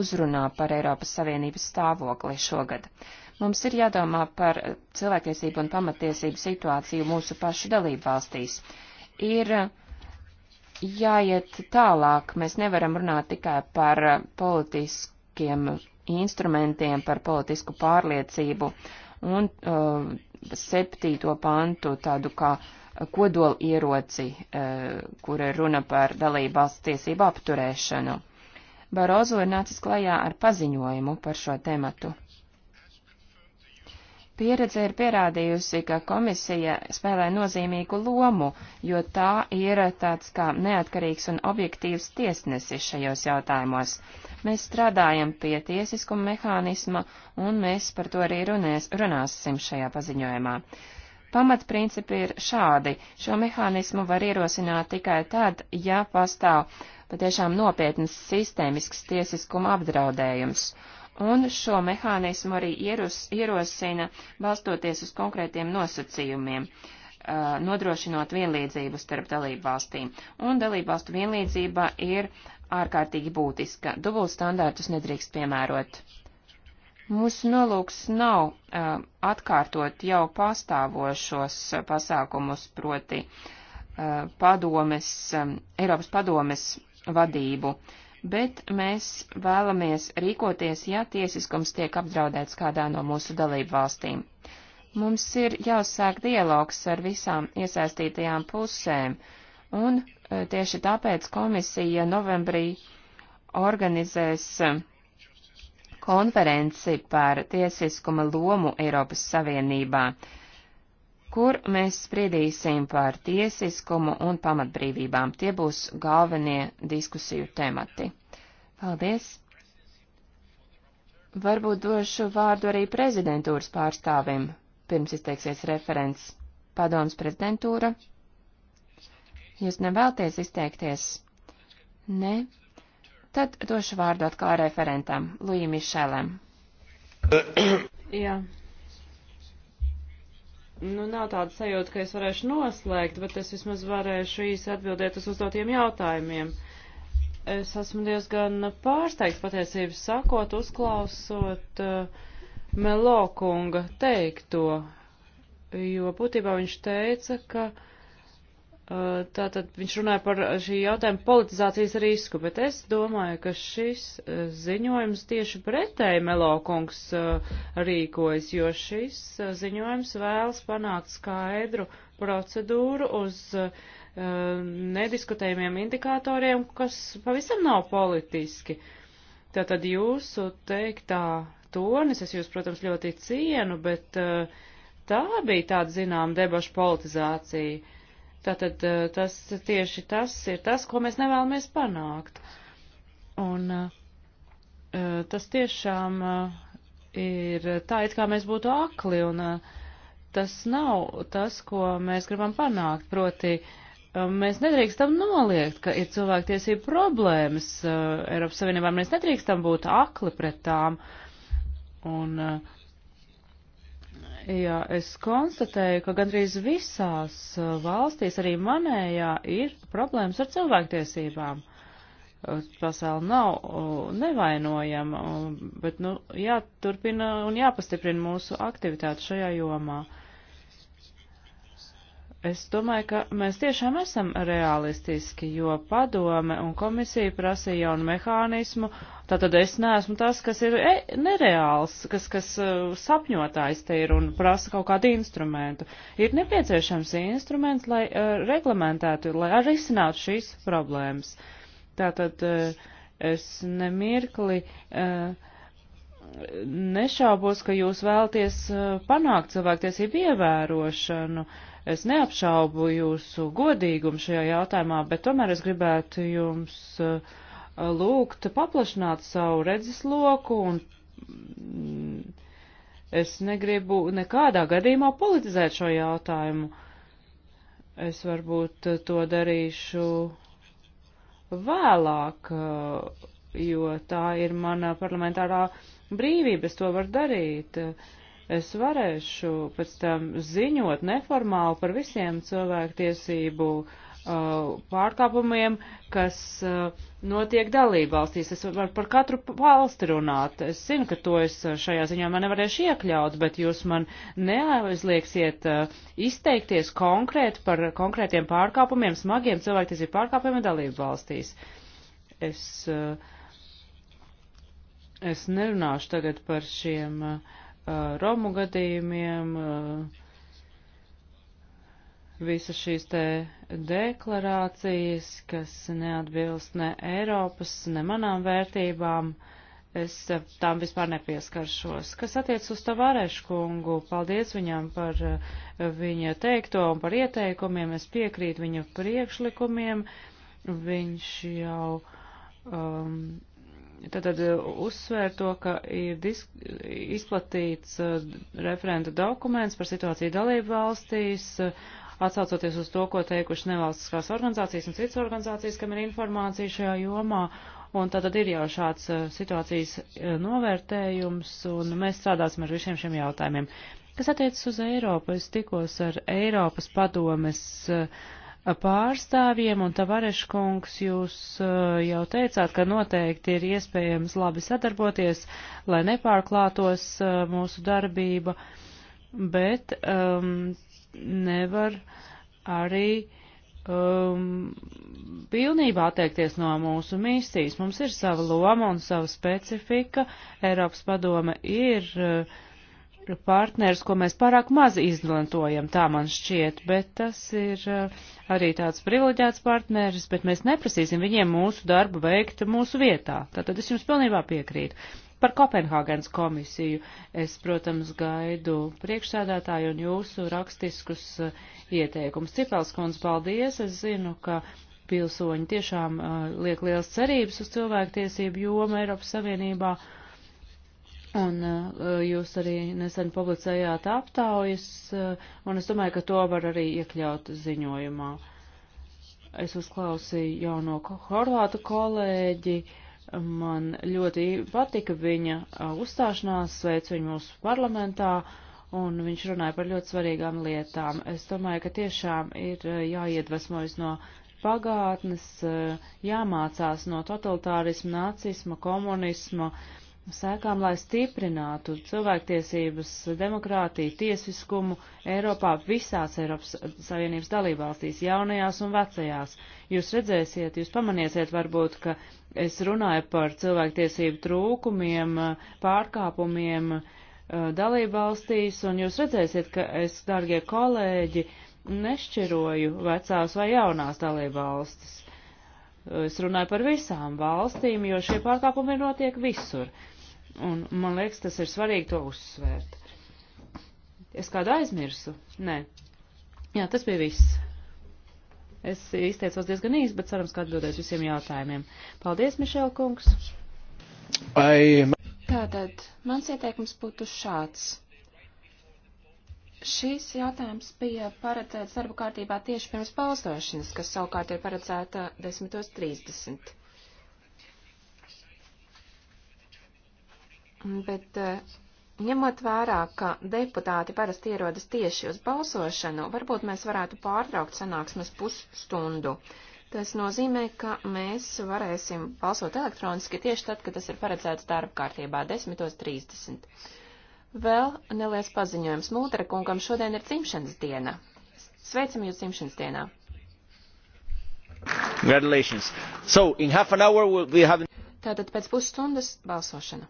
uzrunā par Eiropas Savienības stāvokli šogad. Uh, Mums ir jādomā par cilvēktiesību un pamatiesību situāciju mūsu pašu dalību valstīs. Ir jāiet tālāk, mēs nevaram runāt tikai par politiskiem instrumentiem, par politisku pārliecību un uh, septīto pantu tādu kā kodoli ieroci, uh, kur ir runa par dalību valsts tiesību apturēšanu. Barozo ir nācis klajā ar paziņojumu par šo tematu. Pieredze ir pierādījusi, ka komisija spēlē nozīmīgu lomu, jo tā ir tāds kā neatkarīgs un objektīvs tiesnesis šajos jautājumos. Mēs strādājam pie tiesiskuma mehānisma, un mēs par to arī runēs, runāsim šajā paziņojumā. Pamatprincipi ir šādi. Šo mehānismu var ierosināt tikai tad, ja pastāv patiešām nopietnas sistēmisks tiesiskuma apdraudējums un šo mehānismu arī ieros, ierosina balstoties uz konkrētiem nosacījumiem nodrošinot vienlīdzību starp dalību valstīm. Un dalību valstu vienlīdzība ir ārkārtīgi būtiska. Dubult standārtus nedrīkst piemērot. Mūsu nolūks nav uh, atkārtot jau pastāvošos pasākumus proti uh, padomes, um, Eiropas padomes vadību. Uh, bet mēs vēlamies rīkoties, ja tiesiskums tiek apdraudēts kādā no mūsu dalību valstīm. Mums ir jāuzsāk dialogs ar visām iesaistītajām pusēm, un e, tieši tāpēc komisija novembrī organizēs e, konferenci par tiesiskuma lomu Eiropas Savienībā kur mēs spriedīsim par tiesiskumu un pamatbrīvībām. Tie būs galvenie diskusiju temati. Paldies! Varbūt došu vārdu arī prezidentūras pārstāvim, pirms izteiksies referents. Padoms prezidentūra. Jūs nevēlties izteikties? Nē. Tad došu vārdu atkal referentam, Lujim Mišelam. Jā. Nu, nav tāda sajūta, ka es varēšu noslēgt, bet es vismaz varēšu īsi atbildēt uz uzdotiem jautājumiem. Es esmu diezgan pārsteigts patiesības sakot, uzklausot uh, eh, Melokunga teikto, jo būtībā viņš teica, ka uh, Eh, tātad viņš runāja par šī jautājuma politizācijas risku, bet es domāju, ka šis eh, ziņojums tieši pretēji Melokungs eh, rīkojas, jo šis ziņojums vēlas panākt skaidru procedūru uz nediskutējumiem indikatoriem, kas pavisam nav politiski. Tātad jūsu teiktā tonis, es jūs, protams, ļoti cienu, bet tā bija tāda, zinām, debašu politizācija Tātad eh, tas tieši tas ir tas, ko mēs nevēlamies panākt. Un eh, eh, tas tiešām ir tā, it kā mēs būtu akli, un tas nav tas, ko mēs gribam panākt. Proti, mēs nedrīkstam noliegt, ka ir cilvēktiesība problēmas Eiropas Savienībā. Mēs nedrīkstam būt akli pret tām. Un uh, Jā, es konstatēju, ka gandrīz visās uh, valstīs, arī manējā, ir problēmas ar cilvēktiesībām. Uh, Pasauli nav uh, nevainojama, um, bet nu, jāturpina un jāpastiprina mūsu aktivitāte šajā jomā. Uh, Es domāju, ka mēs tiešām esam realistiski, jo padome un komisija prasīja jaunu mehānismu, tātad es neesmu tas, kas ir e nereāls, kas, kas uh, sapņotājs te ir un prasa kaut kādu instrumentu. Ir nepieciešams instruments, lai uh, reglamentētu, lai arī izsinātu šīs problēmas. Tātad uh, es nemirkli. Uh, nešaubos, ka jūs vēlties uh, panākt cilvēktiesību ievērošanu. Es neapšaubu jūsu godīgumu šajā jautājumā, bet tomēr es gribētu jums uh, lūgt paplašināt savu redzesloku un mm, es negribu nekādā gadījumā politizēt šo jautājumu. Es varbūt uh, to darīšu vēlāk, jo tā ir mana parlamentārā uh, brīvība, es to varu darīt. Es varēšu pēc tam ziņot neformāli par visiem cilvēktiesību uh, pārkāpumiem, kas uh, notiek dalībvalstīs. Es varu par katru valsti runāt. Es zinu, ka to es uh, šajā ziņā man nevarēšu iekļaut, bet jūs man neaizlieksiet uh, izteikties konkrēti par konkrētiem pārkāpumiem, smagiem cilvēktiesību pārkāpumiem dalībvalstīs. Es uh, Es nerunāšu tagad par šiem uh, romu gadījumiem, uh, visas šīs te deklarācijas, kas neatbilst ne Eiropas, ne manām vērtībām. Es uh, tām vispār nepieskaršos. Kas attiec uz Tavarešu kungu, paldies viņam par uh, viņa teikto un par ieteikumiem. Es piekrītu viņa priekšlikumiem. Viņš jau um, Tātad uh, uzsvēr to, ka ir disk, izplatīts uh, referenta dokuments par situāciju dalību valstīs, uh, atsaucoties uz to, ko teikuši nevalstiskās organizācijas un citas organizācijas, kam ir informācija šajā jomā. Un tātad ir jau šāds situācijas novērtējums, un mēs strādāsim ar visiem šiem jautājumiem. Kas attiecas uz Eiropu, es tikos ar Eiropas padomes uh, pārstāvjiem, un Tavareša kungs, jūs eh, jau teicāt, ka noteikti ir iespējams labi sadarboties, lai nepārklātos eh, mūsu darbība, bet um, nevar arī um, pilnībā atteikties no mūsu mīstīs. Mums ir sava loma un sava specifika. Eiropas padome ir uh, partners, ko mēs pārāk maz izmantojam, tā man šķiet, bet tas ir eh, arī tāds privileģēts partneris, bet mēs neprasīsim viņiem mūsu darbu veikt mūsu vietā. Tātad es jums pilnībā piekrītu. Par Kopenhāgenes komisiju es, protams, gaidu priekšsēdētāju un jūsu rakstiskus eh, ieteikumus. Cipels kundz, paldies! Es zinu, ka pilsoņi tiešām eh, liek liels cerības uz cilvēktiesību jomu Eiropas Savienībā. Uh, Un eh, jūs arī nesen publicējāt aptaujas, eh, un es domāju, ka to var arī iekļaut ziņojumā. Es uzklausīju jauno horvātu kolēģi, man ļoti patika viņa eh, uzstāšanās, sveicu viņu mūsu parlamentā, un viņš runāja par ļoti svarīgām lietām. Es domāju, ka tiešām ir jāiedvesmojas no pagātnes, jāmācās no totalitārisma, nacisma, komunisma, uh, sekām, lai stiprinātu cilvēktiesības, demokrātiju, tiesiskumu Eiropā visās Eiropas Savienības dalībvalstīs, jaunajās un vecajās. Jūs redzēsiet, jūs pamaniesiet varbūt, ka es runāju par cilvēktiesību trūkumiem, pārkāpumiem eh, dalībvalstīs, un jūs redzēsiet, ka es, dārgie kolēģi, nešķiroju vecās vai jaunās dalībvalstis. Es runāju par visām valstīm, jo šie pārkāpumi notiek visur. Uh, Un man liekas, tas ir svarīgi to uzsvērt. Es kādu aizmirsu? Nē. Jā, tas bija viss. Es izteicos diezgan īsi, bet cerams, ka atbildēs visiem jautājumiem. Paldies, Mišēl kungs. I... Tātad, mans ieteikums būtu šāds. Šīs jautājums bija paredzēts darba kārtībā tieši pirms balsošanas, kas savukārt ir paredzēta 10.30. Bet eh, ņemot vērā, ka deputāti parasti ierodas tieši uz balsošanu, varbūt mēs varētu pārtraukt sanāksmes pusstundu. Tas nozīmē, ka mēs varēsim balsot elektroniski tieši tad, kad tas ir paredzēts darba kārtībā 10.30. Vēl neliels paziņojums Mūtera kungam šodien ir dzimšanas diena. Sveicam jūs dzimšanas dienā! Congratulations. So, in half an hour we have... Tātad pēc pusstundas balsošana.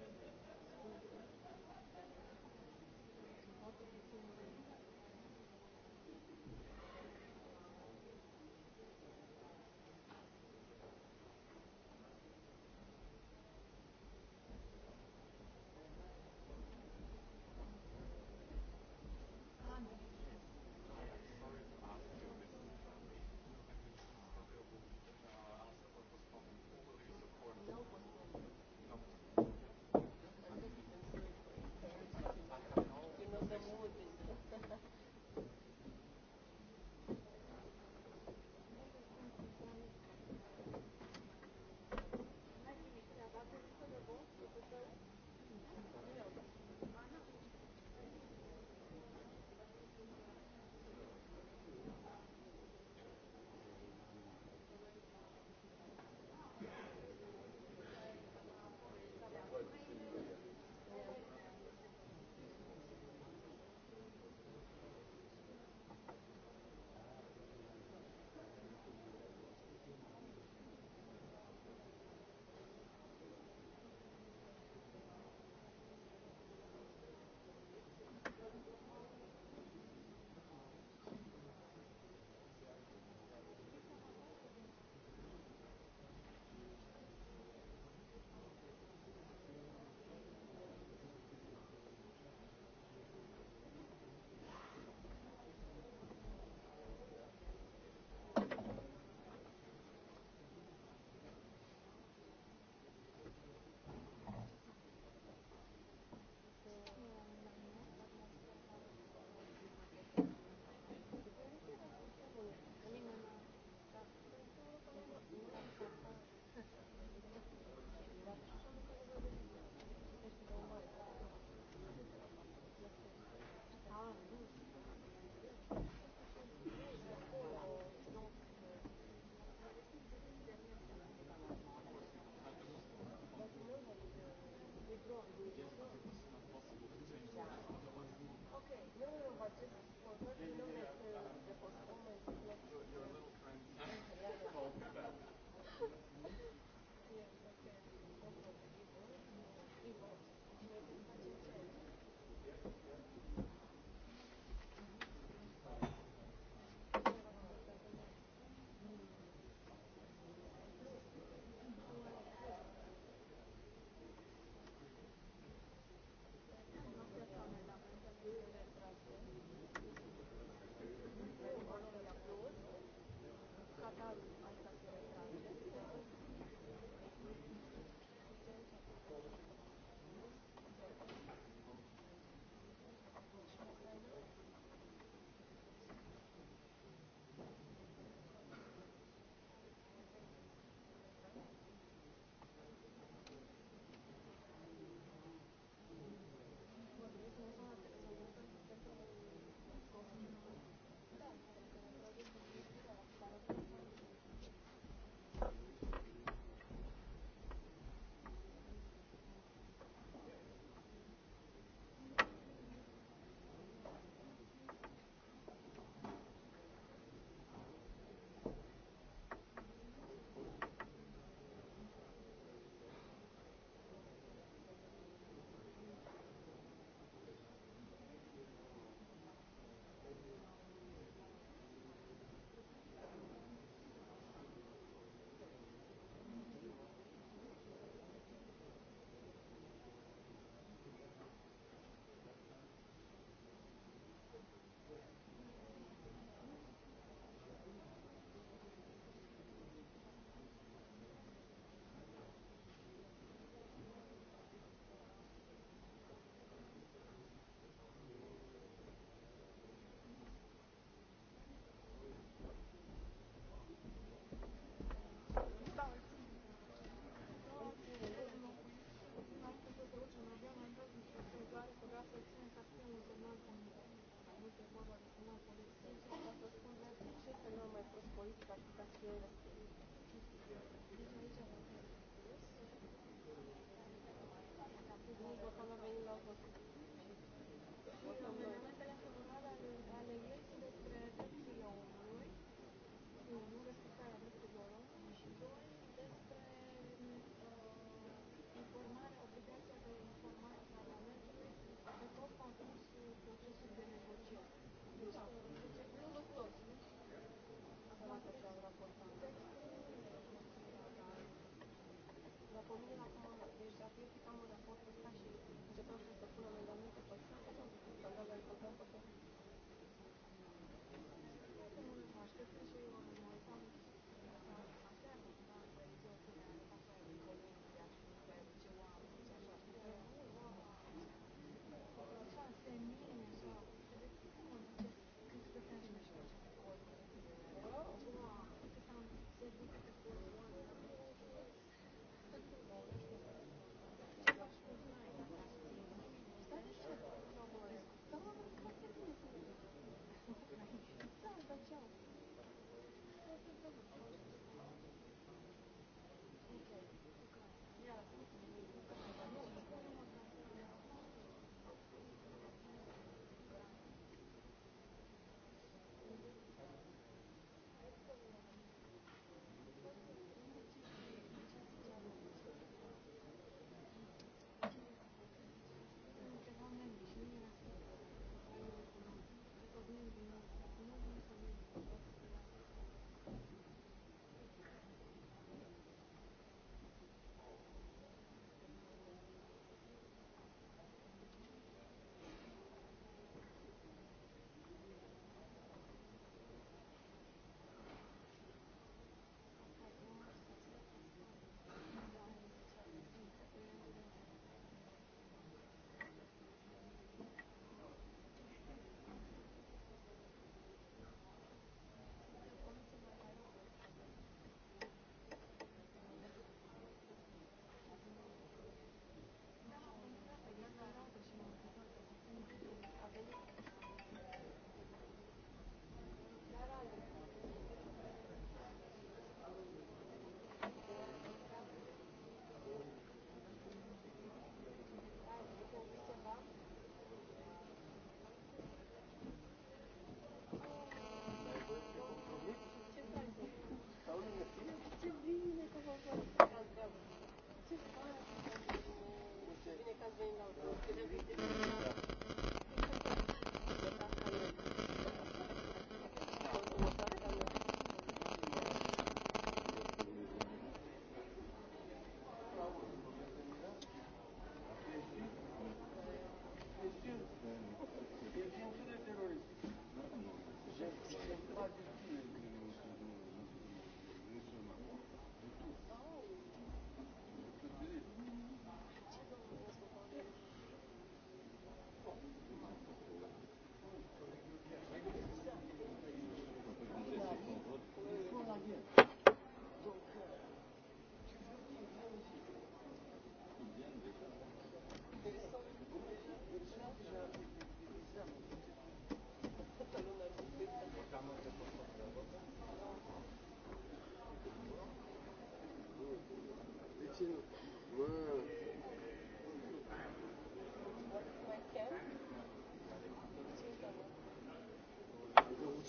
pornind de la comandă. Deci dacă eu plecam un raport ăsta și începeam să se pună amendamente nu pe ăsta,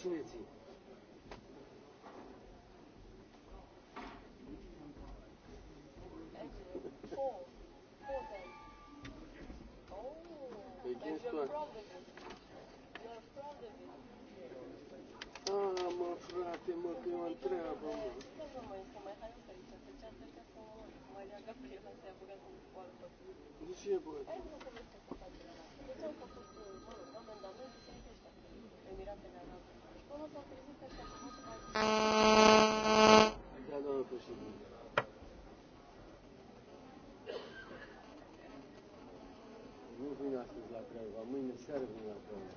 opportunity. Four. Four then. Oh, Against that's your problem. nu vin astăzi la Craiova, mâine seară vin la Craiova.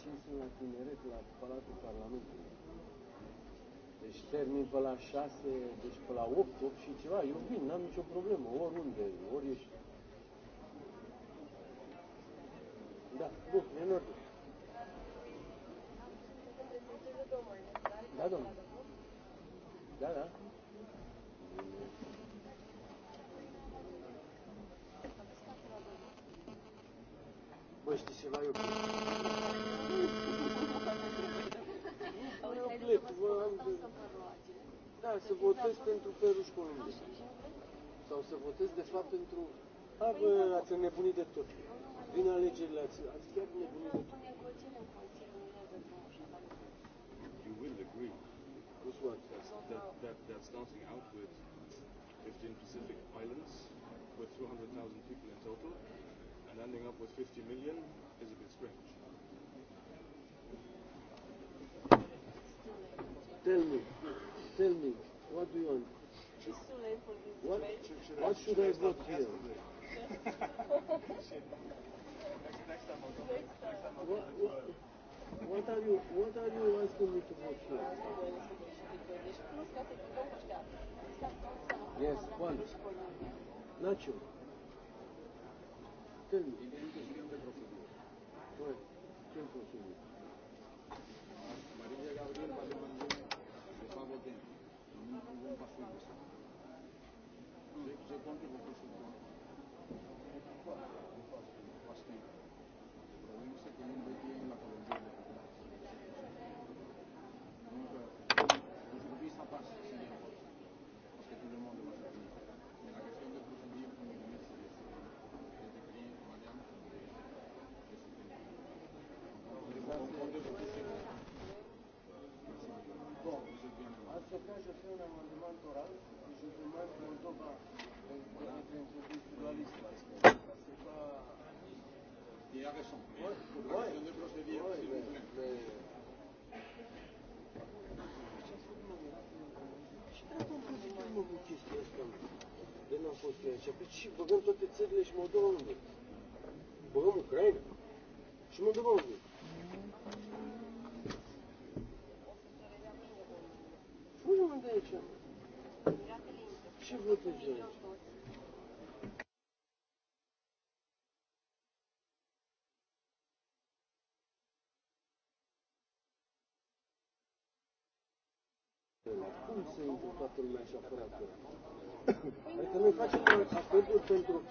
5 la tineret la Palatul Parlamentului. Deci termin pe la 6, deci pe la 8, 8 și ceva. Eu vin, n-am nicio problemă, oriunde, ori ești. Da, bun, e în ordine. să votez, de fapt, într-o... A, bă, ați înnebunit de tot. Vin alegerile, ați, ați chiar înnebunit de tot. You will agree. With what? That's, that, that, that starting out with 15 Pacific Islands, with 200,000 people in total, and ending up with 50 million is a bit strange. Tell me, tell me, what do you want? It's too late for this what, debate. What should I vote here? next, next time I'll go. Next time. Next time I'll go. What, what, what are you What are you asking me to vote here? Yes, one. Nacho. Tell me. Well, ¿quién consiguió? María Gabriel Valle Mandela, de Pablo Ten, un buen paso Thank you. Cum se întâmplă toată lumea așa fără Adică noi facem acorduri pentru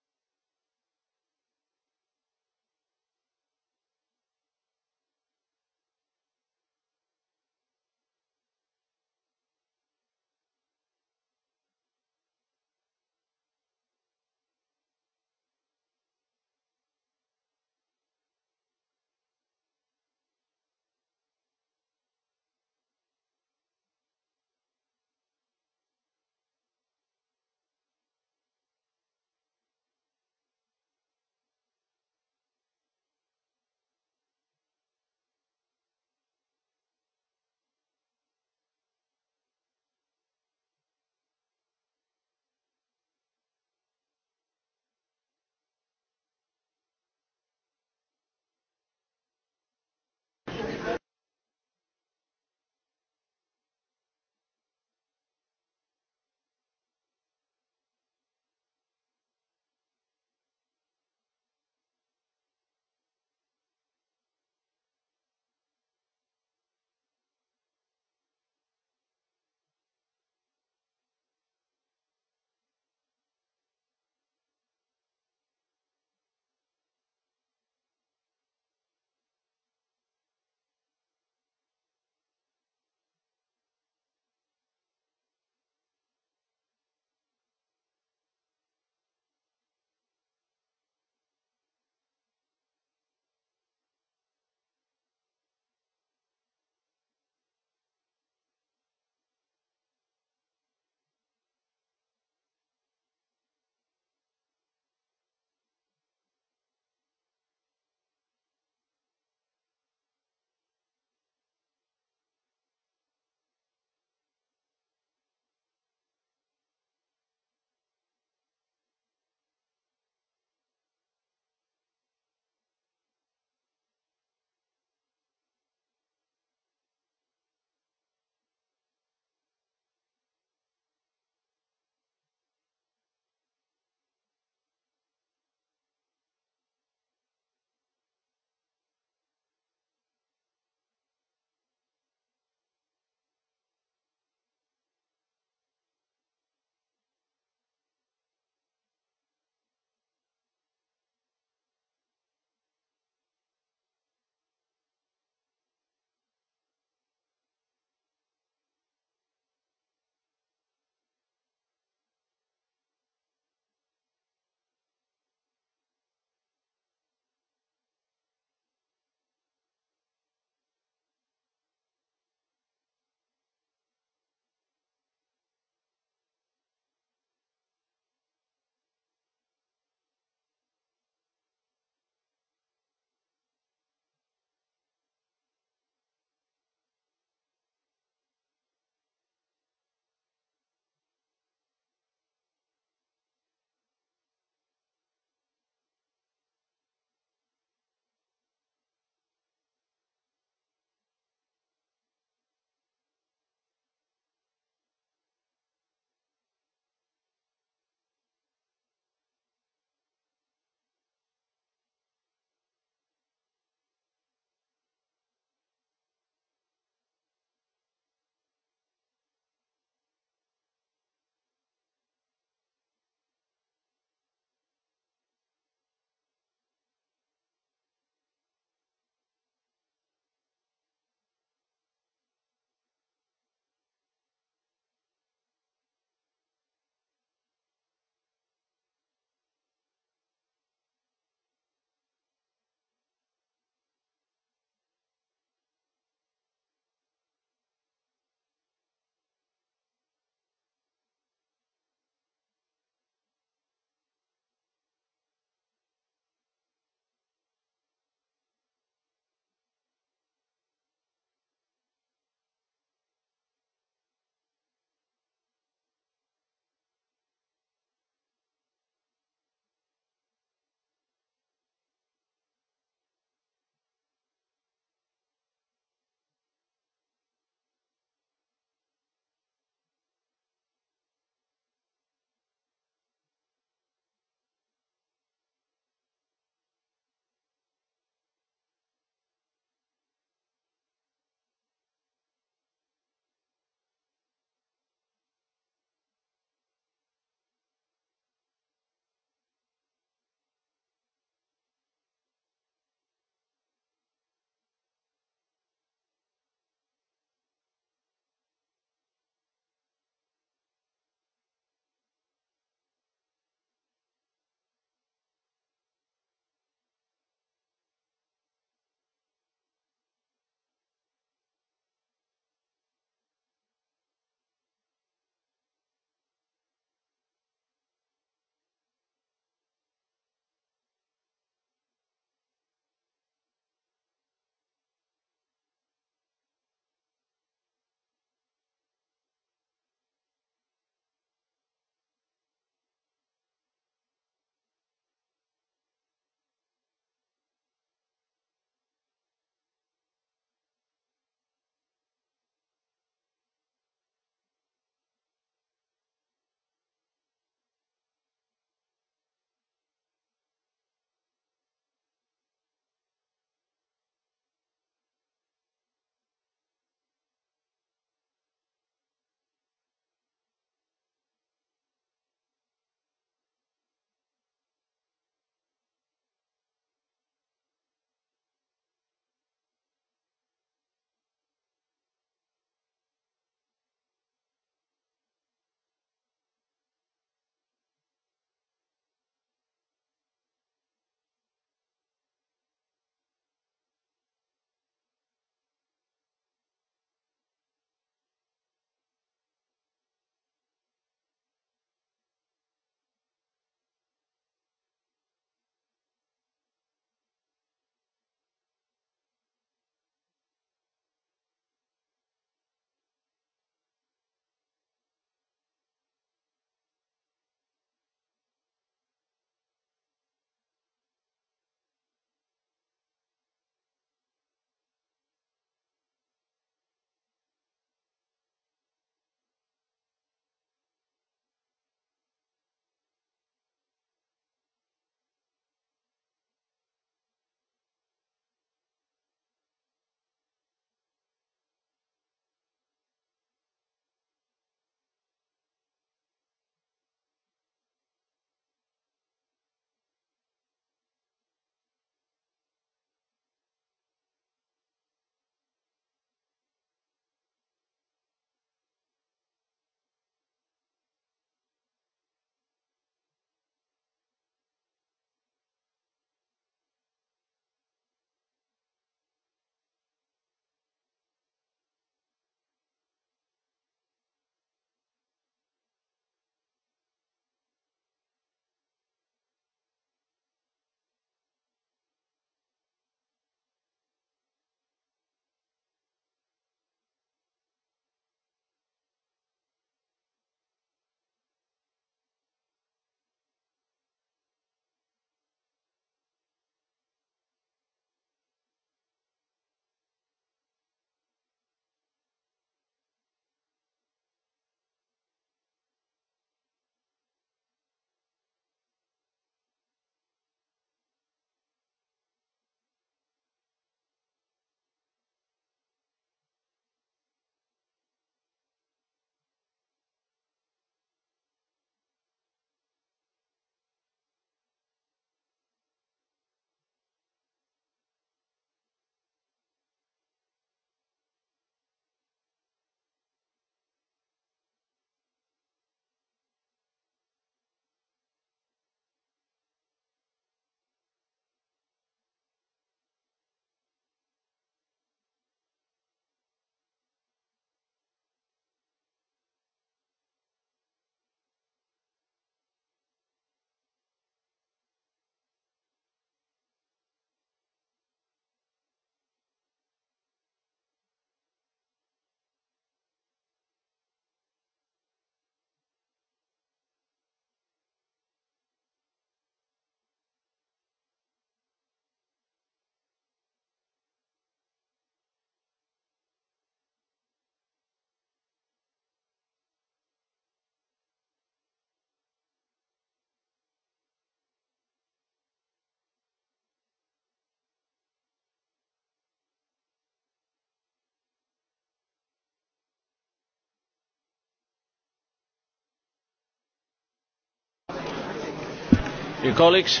Dear colleagues.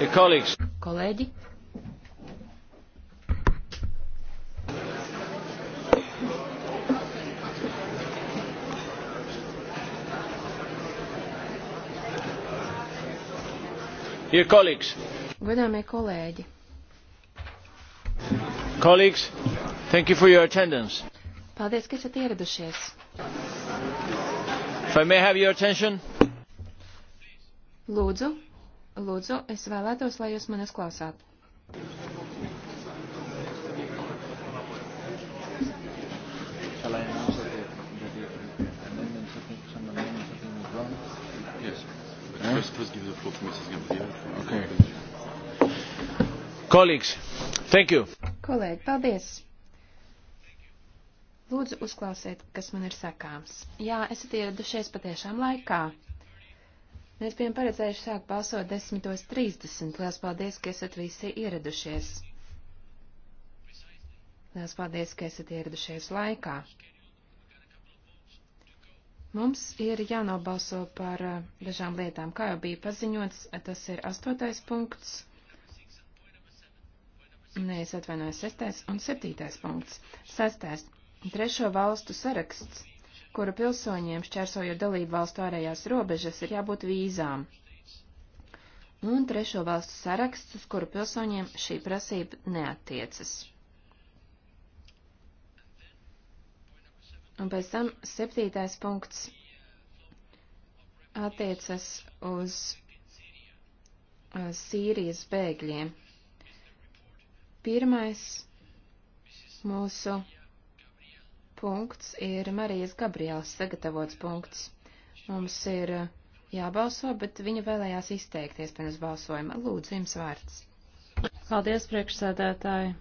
Dear colleagues. Kolēģi. Dear colleagues. Godāmie kolēģi. Colleagues, thank you for your attendance. Paldies, ka esat ieradušies. If I may have your attention. Lūdzu, lūdzu, es vēlētos, lai jūs manas klausāt. Shall I announce that the, that the amendments, I think some amendments have been withdrawn? Yes. But eh? first, first give the floor to Mrs. Gabriel. Okay. Colleagues, thank you. Kolēģi, paldies. Lūdzu, uzklausiet, kas man ir sakāms. Jā, esat ieradušies patiešām laikā. Mēs bijām paredzējuši sākt balsot 10.30. Lielas paldies, ka esat visi ieradušies. Lielas paldies, ka esat ieradušies laikā. Mums ir jānobalso par eh, dažām lietām. Kā jau bija paziņots, tas ir astotais punkts. Nē, es atvainojos, sestais un septītais punkts. Sestais Trešo valstu saraksts, kuru pilsoņiem šķērsojot dalību valstu ārējās robežas, ir jābūt vīzām. Un trešo valstu saraksts, uz kuru pilsoņiem šī prasība neatiecas. Un pēc tam septītais punkts attiecas uz Sīrijas bēgļiem. Pirmais mūsu punkts ir Marijas Gabriels sagatavots punkts. Mums ir eh, jābalso, bet viņa vēlējās izteikties pirms balsojuma. Lūdzu, jums vārds. Paldies, priekšsēdētāji.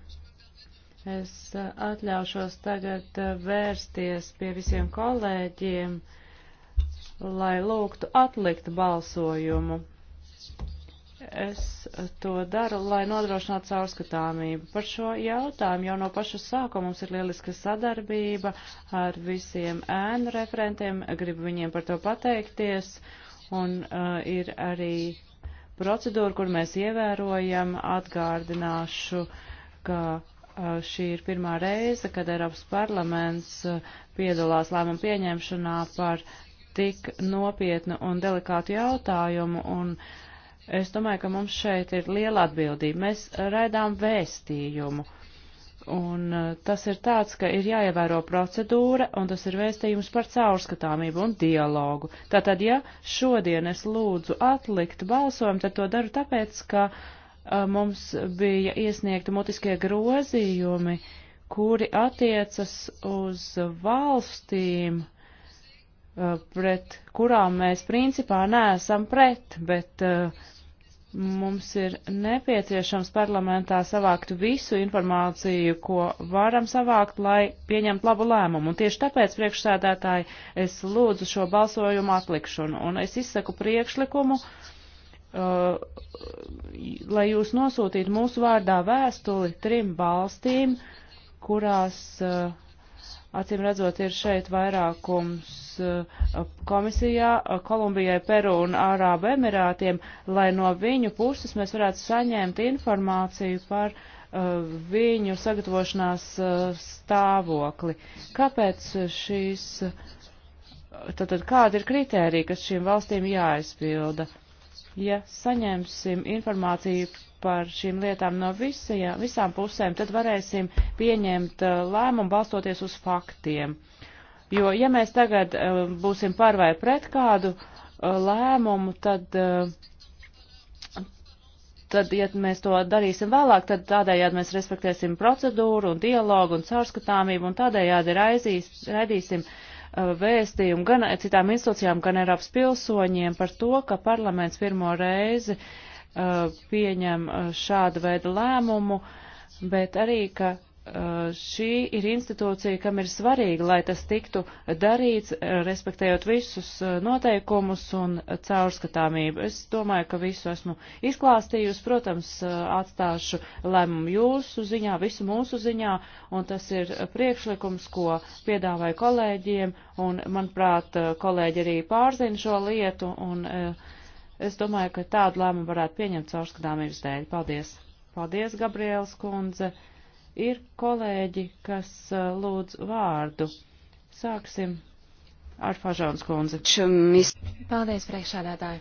Es eh, atļaušos tagad eh, vērsties pie visiem kolēģiem, lai lūgtu atlikt balsojumu Es to daru, lai nodrošinātu caurskatāmību. Par šo jautājumu jau no paša sākuma mums ir lieliska sadarbība ar visiem ēnu referentiem. Gribu viņiem par to pateikties. Un uh, ir arī procedūra, kur mēs ievērojam, atgārdināšu, ka uh, šī ir pirmā reize, kad Eiropas parlaments uh, piedalās lēmumu pieņemšanā par tik nopietnu un delikātu jautājumu. Un, uh, Es domāju, ka mums šeit ir liela atbildība. Mēs raidām vēstījumu. Un uh, tas ir tāds, ka ir jāievēro procedūra, un tas ir vēstījums par caurskatāmību un dialogu. Tātad, ja šodien es lūdzu atlikt balsojumu, tad to daru tāpēc, ka a, uh, mums bija iesniegti mutiskie grozījumi, kuri attiecas uz valstīm, uh, pret kurām mēs principā neesam pret, bet uh, Mums ir nepieciešams parlamentā savākt visu informāciju, ko varam savākt, lai pieņemtu labu lēmumu. Un tieši tāpēc, priekšsēdētāji, es lūdzu šo balsojumu atlikšanu. Un es izsaku priekšlikumu, uh, lai jūs nosūtītu mūsu vārdā vēstuli trim valstīm, kurās. Uh, Acīm redzot, ir šeit vairākums eh, komisijā eh, Kolumbijai, Peru un Ārābu Emirātiem, lai no viņu puses mēs varētu saņemt informāciju par eh, viņu sagatavošanās stāvokli. Kāpēc šīs, tātad kāda ir kritērija, kas šīm valstīm jāizpilda? Ja saņemsim informāciju par šīm lietām no visajā, visām pusēm, tad varēsim pieņemt uh, lēmumu balstoties uz faktiem. Jo, ja mēs tagad uh, būsim par vai pret kādu uh, lēmumu, tad, tad, ja mēs to darīsim vēlāk, tad tādējādi mēs respektēsim procedūru un dialogu un caurskatāmību un tādējādi raizīs, raidīsim vēstījumu gan citām institūcijām, gan Eiropas pilsoņiem par to, ka parlaments pirmo reizi uh, Uh, pieņem uh, šādu veidu lēmumu, bet arī, ka uh, šī ir institūcija, kam ir svarīgi, lai tas tiktu darīts, respektējot visus noteikumus un caurskatāmību. Es domāju, ka visu esmu izklāstījusi, protams, atstāšu lēmumu jūsu ziņā, visu mūsu ziņā, un tas ir priekšlikums, ko piedāvāju kolēģiem, un, manuprāt, kolēģi arī pārzina šo lietu, un uh, Es domāju, ka tādu lēmumu varētu pieņemt caurskatāmības dēļ. Paldies! Paldies, Gabrielas kundze! Ir kolēģi, kas uh, lūdz vārdu. Sāksim ar Fažons kundze. Čumis. Paldies, priekšādātāji!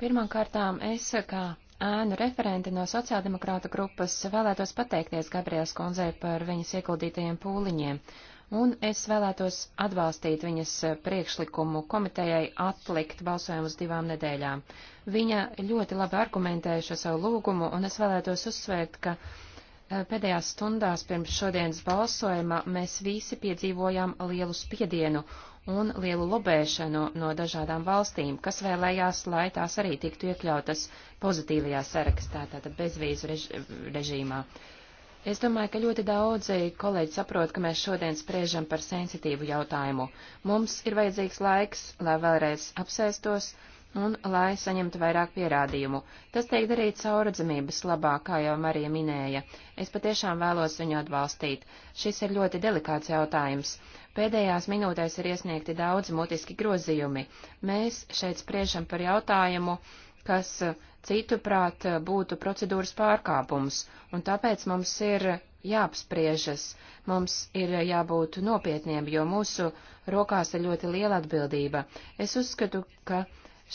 Pirmām kārtām es, kā ēnu referenti no sociāldemokrāta grupas, vēlētos pateikties Gabrielas kundzei par viņas ieguldītajiem pūliņiem un es vēlētos atbalstīt viņas eh, priekšlikumu komitejai atlikt balsojumu uz divām nedēļām. Viņa ļoti labi argumentēja šo savu lūgumu, un es vēlētos uzsvērt, ka eh, pēdējās stundās pirms šodienas balsojuma mēs visi piedzīvojām lielu spiedienu un lielu lobēšanu no dažādām valstīm, kas vēlējās, lai tās arī tiktu iekļautas pozitīvajā sarakstā, tātad bezvīzu rež režīmā. Uh, Es domāju, ka ļoti daudzi kolēģi saprot, ka mēs šodien spriežam par sensitīvu jautājumu. Mums ir vajadzīgs laiks, lai vēlreiz apsēstos un lai saņemtu vairāk pierādījumu. Tas tiek darīts sauradzamības labā, kā jau Marija minēja. Es patiešām vēlos viņu atbalstīt. Šis ir ļoti delikāts jautājums. Pēdējās minūtēs ir iesniegti daudz mutiski grozījumi. Mēs šeit spriežam par jautājumu, kas cituprāt būtu procedūras pārkāpums, un tāpēc mums ir jāapspriežas, mums ir jābūt nopietniem, jo mūsu rokās ir ļoti liela atbildība. Es uzskatu, ka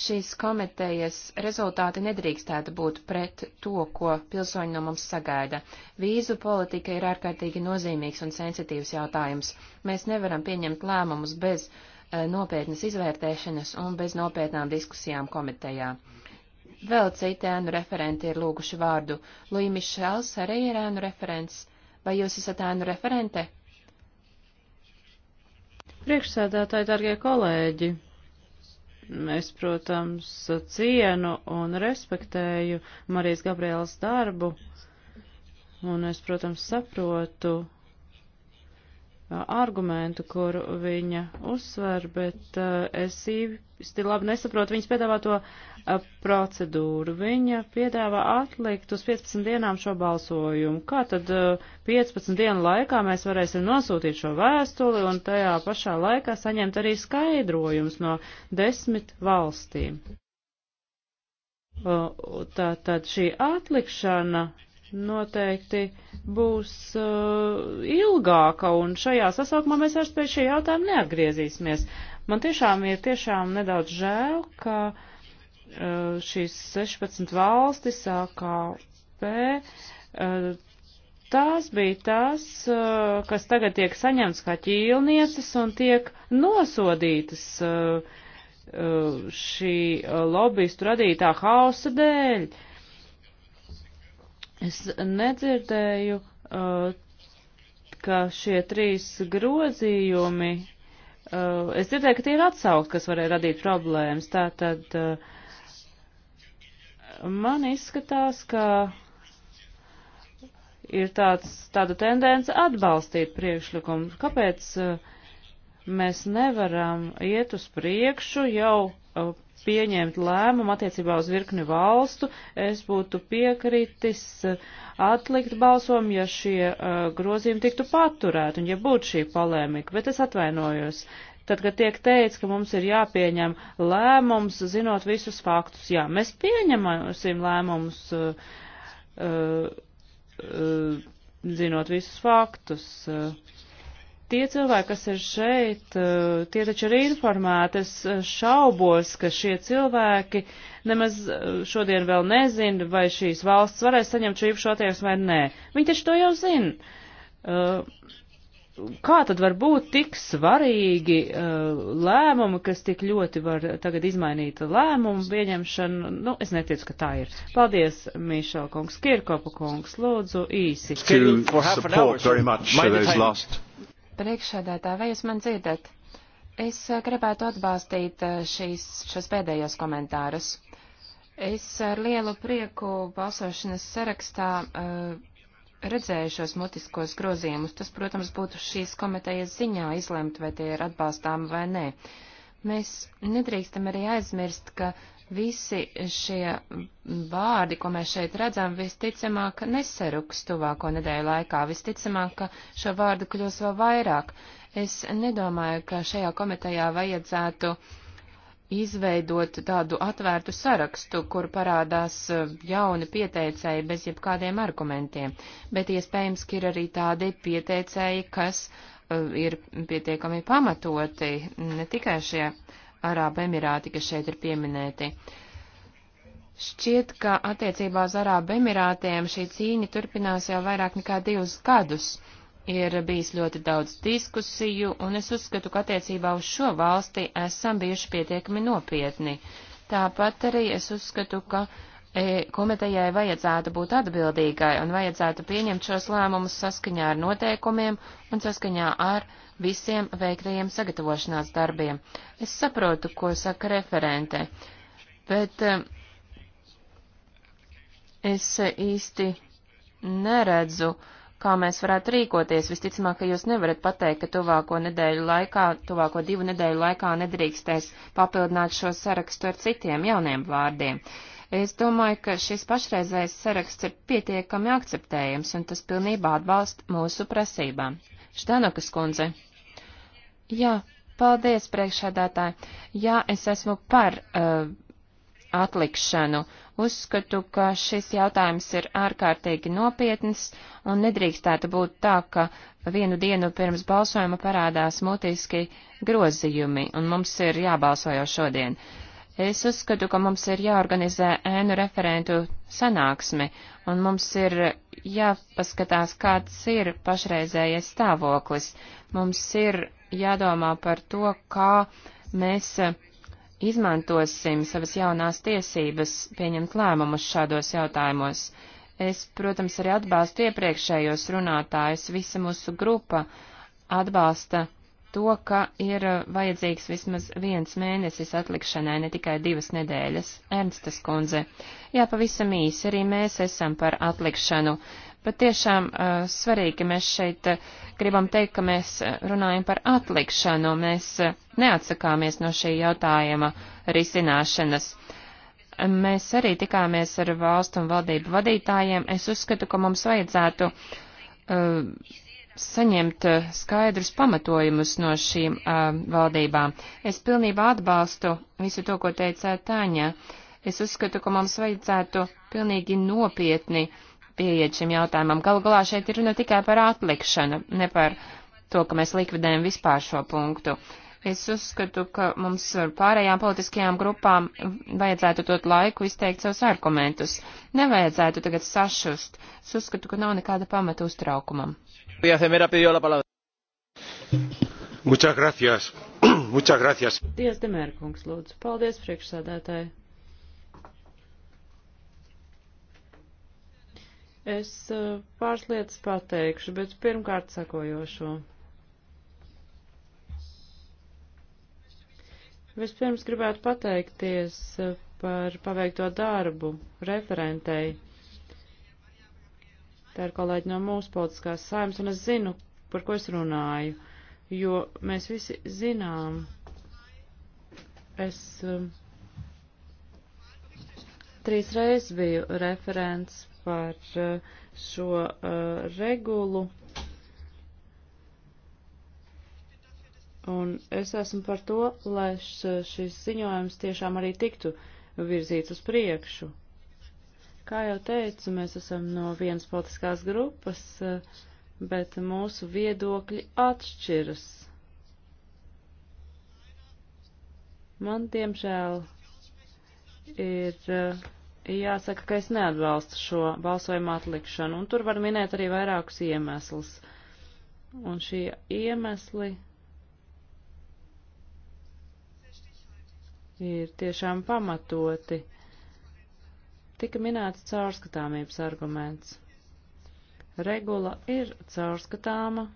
šīs komitejas rezultāti nedrīkstētu būt pret to, ko pilsoņi no mums sagaida. Vīzu politika ir ārkārtīgi nozīmīgs un sensitīvs jautājums. Mēs nevaram pieņemt lēmumus bez e, nopietnas izvērtēšanas un bez nopietnām diskusijām komitejā. Vēl citi ēnu referenti ir lūguši vārdu. Lui Mišels arī ir ēnu referents. Vai jūs esat ēnu referente? Priekšsēdētāji, dargie kolēģi, es, protams, cienu un respektēju Marijas Gabrielas darbu, un es, protams, saprotu argumentu, kur viņa uzsver, bet es īsti labi nesaprotu viņas piedāvāto procedūru. Viņa piedāvā atlikt uz 15 dienām šo balsojumu. Kā tad 15 dienu laikā mēs varēsim nosūtīt šo vēstuli un tajā pašā laikā saņemt arī skaidrojums no desmit valstīm? Tātad šī atlikšana noteikti būs uh, ilgāka, un šajā sasaukumā mēs vairs pie šī jautājuma neatgriezīsimies. Man tiešām ir tiešām nedaudz žēl, ka uh, šīs 16 valstis AKP, uh, tās bija tās, uh, kas tagad tiek saņemts kā ķīlnieces un tiek nosodītas uh, uh, šī uh, lobbyistu radītā hausa dēļ. Uh, Es nedzirdēju, uh, ka šie trīs grozījumi, uh, es dzirdēju, ka tie ir atsaukt, kas varēja radīt problēmas. Tātad uh, man izskatās, ka ir tāds, tāda tendence atbalstīt priekšlikumu. Kāpēc uh, mēs nevaram iet uz priekšu jau uh, pieņemt lēmumu attiecībā uz virkni valstu, es būtu piekritis uh, atlikt balsojumu, ja šie uh, grozījumi tiktu paturēti un ja būtu šī polēmika, bet es atvainojos. Tad, kad tiek teicis, ka mums ir jāpieņem lēmums, zinot visus faktus, jā, mēs pieņemasim lēmumus, uh, uh, uh, zinot visus faktus. Uh, Tie cilvēki, kas ir šeit, eh, tie taču ir informēti. Es eh, šaubos, ka šie cilvēki nemaz eh, šodien vēl nezina, vai šīs valsts varēs saņemt šo īpašo attieksmi vai nē. Viņi taču to jau zina. Kā tad var būt tik svarīgi lēmumi, kas tik ļoti var tagad izmainīt lēmumu pieņemšanu? Nu, es neticu, ka tā ir. Paldies, Mīšel kungs, Kirkopa kungs, lūdzu īsi. To support very much uh, those last Priekšsēdētāji, vai jūs man dzirdat? Es eh, gribētu atbalstīt eh, šīs, šos pēdējos komentārus. Es ar lielu prieku balsošanas sarakstā uh, redzēju šos mutiskos grozījumus. Tas, protams, būtu šīs komitejas ziņā izlemt, vai tie ir atbalstāmi vai nē. Mēs nedrīkstam arī aizmirst, ka uh, Visi šie vārdi, ko mēs šeit redzam, visticamāk nesaruks tuvāko nedēļu laikā, visticamāk, ka šo vārdu kļūs vēl vairāk. Es nedomāju, ka šajā komitejā vajadzētu izveidot tādu atvērtu sarakstu, kur parādās jauni pieteicēji bez jebkādiem argumentiem, bet iespējams, ka ir arī tādi pieteicēji, kas uh, ir pietiekami pamatoti ne tikai šie Arāba Emirāti, kas šeit ir pieminēti. Šķiet, ka attiecībā uz Arābu Emirātiem šī cīņa turpinās jau vairāk nekā divus gadus. Ir bijis ļoti daudz diskusiju, un es uzskatu, ka attiecībā uz šo valsti esam bijuši pietiekami nopietni. Tāpat arī es uzskatu, ka e, komitejai vajadzētu būt atbildīgai un vajadzētu pieņemt šos lēmumus saskaņā ar noteikumiem un saskaņā ar uh, visiem veiktajiem sagatavošanās darbiem. Es saprotu, ko saka referente, bet eh, es eh, īsti neredzu, kā mēs varētu rīkoties. Visticamāk, ka jūs nevarat pateikt, ka tuvāko nedēļu laikā, tuvāko divu nedēļu laikā nedrīkstēs papildināt šo sarakstu ar citiem jauniem vārdiem. Es domāju, ka šis pašreizējais saraksts ir pietiekami akceptējams, un tas pilnībā atbalsta mūsu prasībām. Štenukas kundze. Jā, paldies priekšādātāji. Jā, es esmu par uh, atlikšanu. Uzskatu, ka šis jautājums ir ārkārtīgi nopietns un nedrīkstētu būt tā, ka vienu dienu pirms balsojuma parādās mutiski grozījumi un mums ir jābalso jau šodien. Es uzskatu, ka mums ir jāorganizē ēnu referentu sanāksme un mums ir jāpaskatās, kāds ir pašreizējais stāvoklis. Mums ir jādomā par to, kā mēs izmantosim savas jaunās tiesības pieņemt lēmumus šādos jautājumos. Es, protams, arī atbalstu iepriekšējos runātājus, visa mūsu grupa atbalsta to, ka ir vajadzīgs vismaz viens mēnesis atlikšanai, ne tikai divas nedēļas. Ernstas kundze, jā, pavisam īsi arī mēs esam par atlikšanu patiešām uh, svarīgi, ka mēs šeit uh, gribam teikt, ka mēs eh, runājam par atlikšanu, mēs uh, neatsakāmies no šī jautājuma risināšanas. Mēs arī tikāmies ar valstu un valdību vadītājiem. Es uzskatu, ka mums vajadzētu uh, saņemt skaidrus pamatojumus no šīm uh, valdībām. Es pilnībā atbalstu visu to, ko teica Tāņa. Es uzskatu, ka mums vajadzētu pilnīgi nopietni uh, pieiet šim jautājumam. Galu galā šeit ir runa tikai par atlikšanu, ne par to, ka mēs likvidējam vispār šo punktu. Es uzskatu, ka mums pārējām politiskajām grupām vajadzētu dot laiku izteikt savus argumentus. Nevajadzētu tagad sašust. Es uzskatu, ka nav nekāda pamata uztraukumam. Muchas gracias. Muchas gracias. Dievs, Demērkungs, lūdzu. Paldies, priekšsādātāji. Es eh, pāris lietas pateikšu, bet pirmkārt sakojošo. Vispirms gribētu pateikties eh, par paveikto darbu referentei. Tā ir kolēģi no mūsu politiskās saimas, un es zinu, par ko es runāju, jo mēs visi zinām. Es eh, trīs reizes biju referents par eh, šo eh, regulu. Un es esmu par to, lai šis ziņojums tiešām arī tiktu virzīts uz priekšu. Kā jau teicu, mēs esam no vienas politiskās grupas, eh, bet mūsu viedokļi atšķiras. Man, diemžēl, ir Jāsaka, ka es neatbalstu šo balsojumu atlikšanu, un tur var minēt arī vairākus iemeslus. Un šie iemesli ir tiešām pamatoti. Tika minēts caurskatāmības arguments. Regula ir caurskatāma,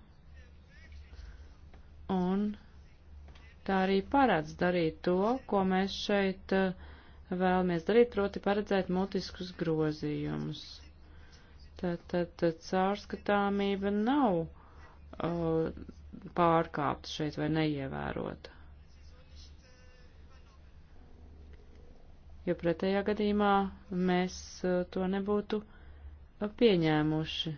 un tā arī paredz darīt to, ko mēs šeit uh, vēlamies darīt, proti paredzēt mutiskus grozījumus. Tātad caurskatāmība nav uh, pārkāpta šeit vai neievērota. Jo pretējā gadījumā mēs uh, to nebūtu uh, pieņēmuši.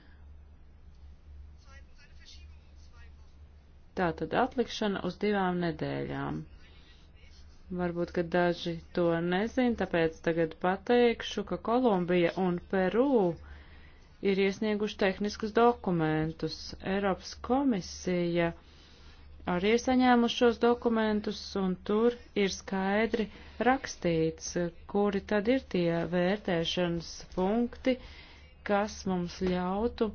Tātad atlikšana uz divām nedēļām. Varbūt, ka daži to nezin, tāpēc tagad pateikšu, ka Kolumbija un Peru ir iesnieguši tehniskus dokumentus. Eiropas komisija arī ir saņēmuši šos dokumentus, un tur ir skaidri rakstīts, kuri tad ir tie vērtēšanas punkti, kas mums ļautu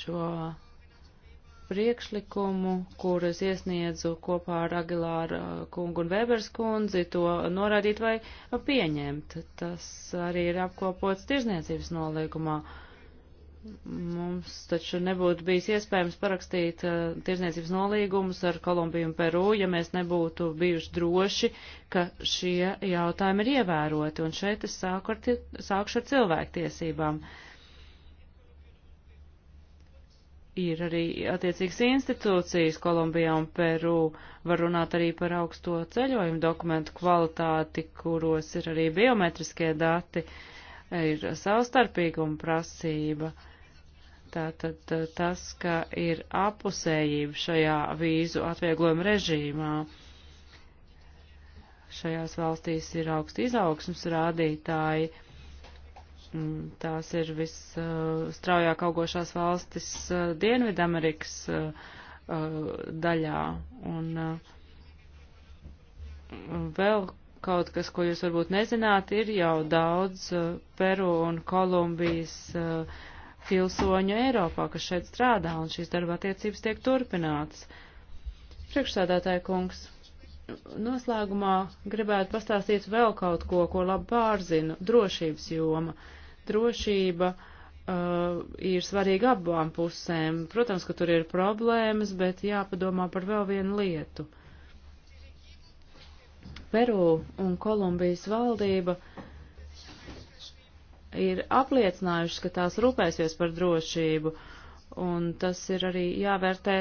šo priekšlikumu, kuras iesniedzu kopā ar Agilāru uh, kungu un Vēbers kundzi, to norādīt vai pieņemt. Tas arī ir apkopots tirzniecības nolīgumā. Mums taču nebūtu bijis iespējams parakstīt uh, tirzniecības nolīgumus ar Kolumbiju un Peru, ja mēs nebūtu bijuši droši, ka šie jautājumi ir ievēroti. Un šeit es sāku ar, sākšu ar cilvēktiesībām. Uh, ir arī attiecīgas institūcijas Kolumbijā un Peru. Var runāt arī par augsto ceļojumu dokumentu kvalitāti, kuros ir arī biometriskie dati, ir savstarpīguma prasība. Tātad eh, tas, ka ir apusējība šajā vīzu atvieglojuma režīmā. Šajās valstīs ir augsti izaugsmas rādītāji Mm, tās ir visstraujāk augošās valstis Dienvidamerikas daļā. Un vēl kaut kas, ko jūs varbūt nezināt, ir jau daudz Peru un Kolumbijas pilsoņu Eiropā, kas šeit strādā, un šīs darba attiecības tiek turpinātas. Priekšsādātāja kungs, noslēgumā gribētu pastāstīt vēl kaut ko, ko labi pārzinu - drošības joma. Uh, drošība uh, ir svarīga abām pusēm. Protams, ka tur ir problēmas, bet jāpadomā par vēl vienu lietu. Peru un Kolumbijas valdība ir apliecinājušas, ka tās rūpēsies par drošību. Uh, un tas ir arī jāvērtē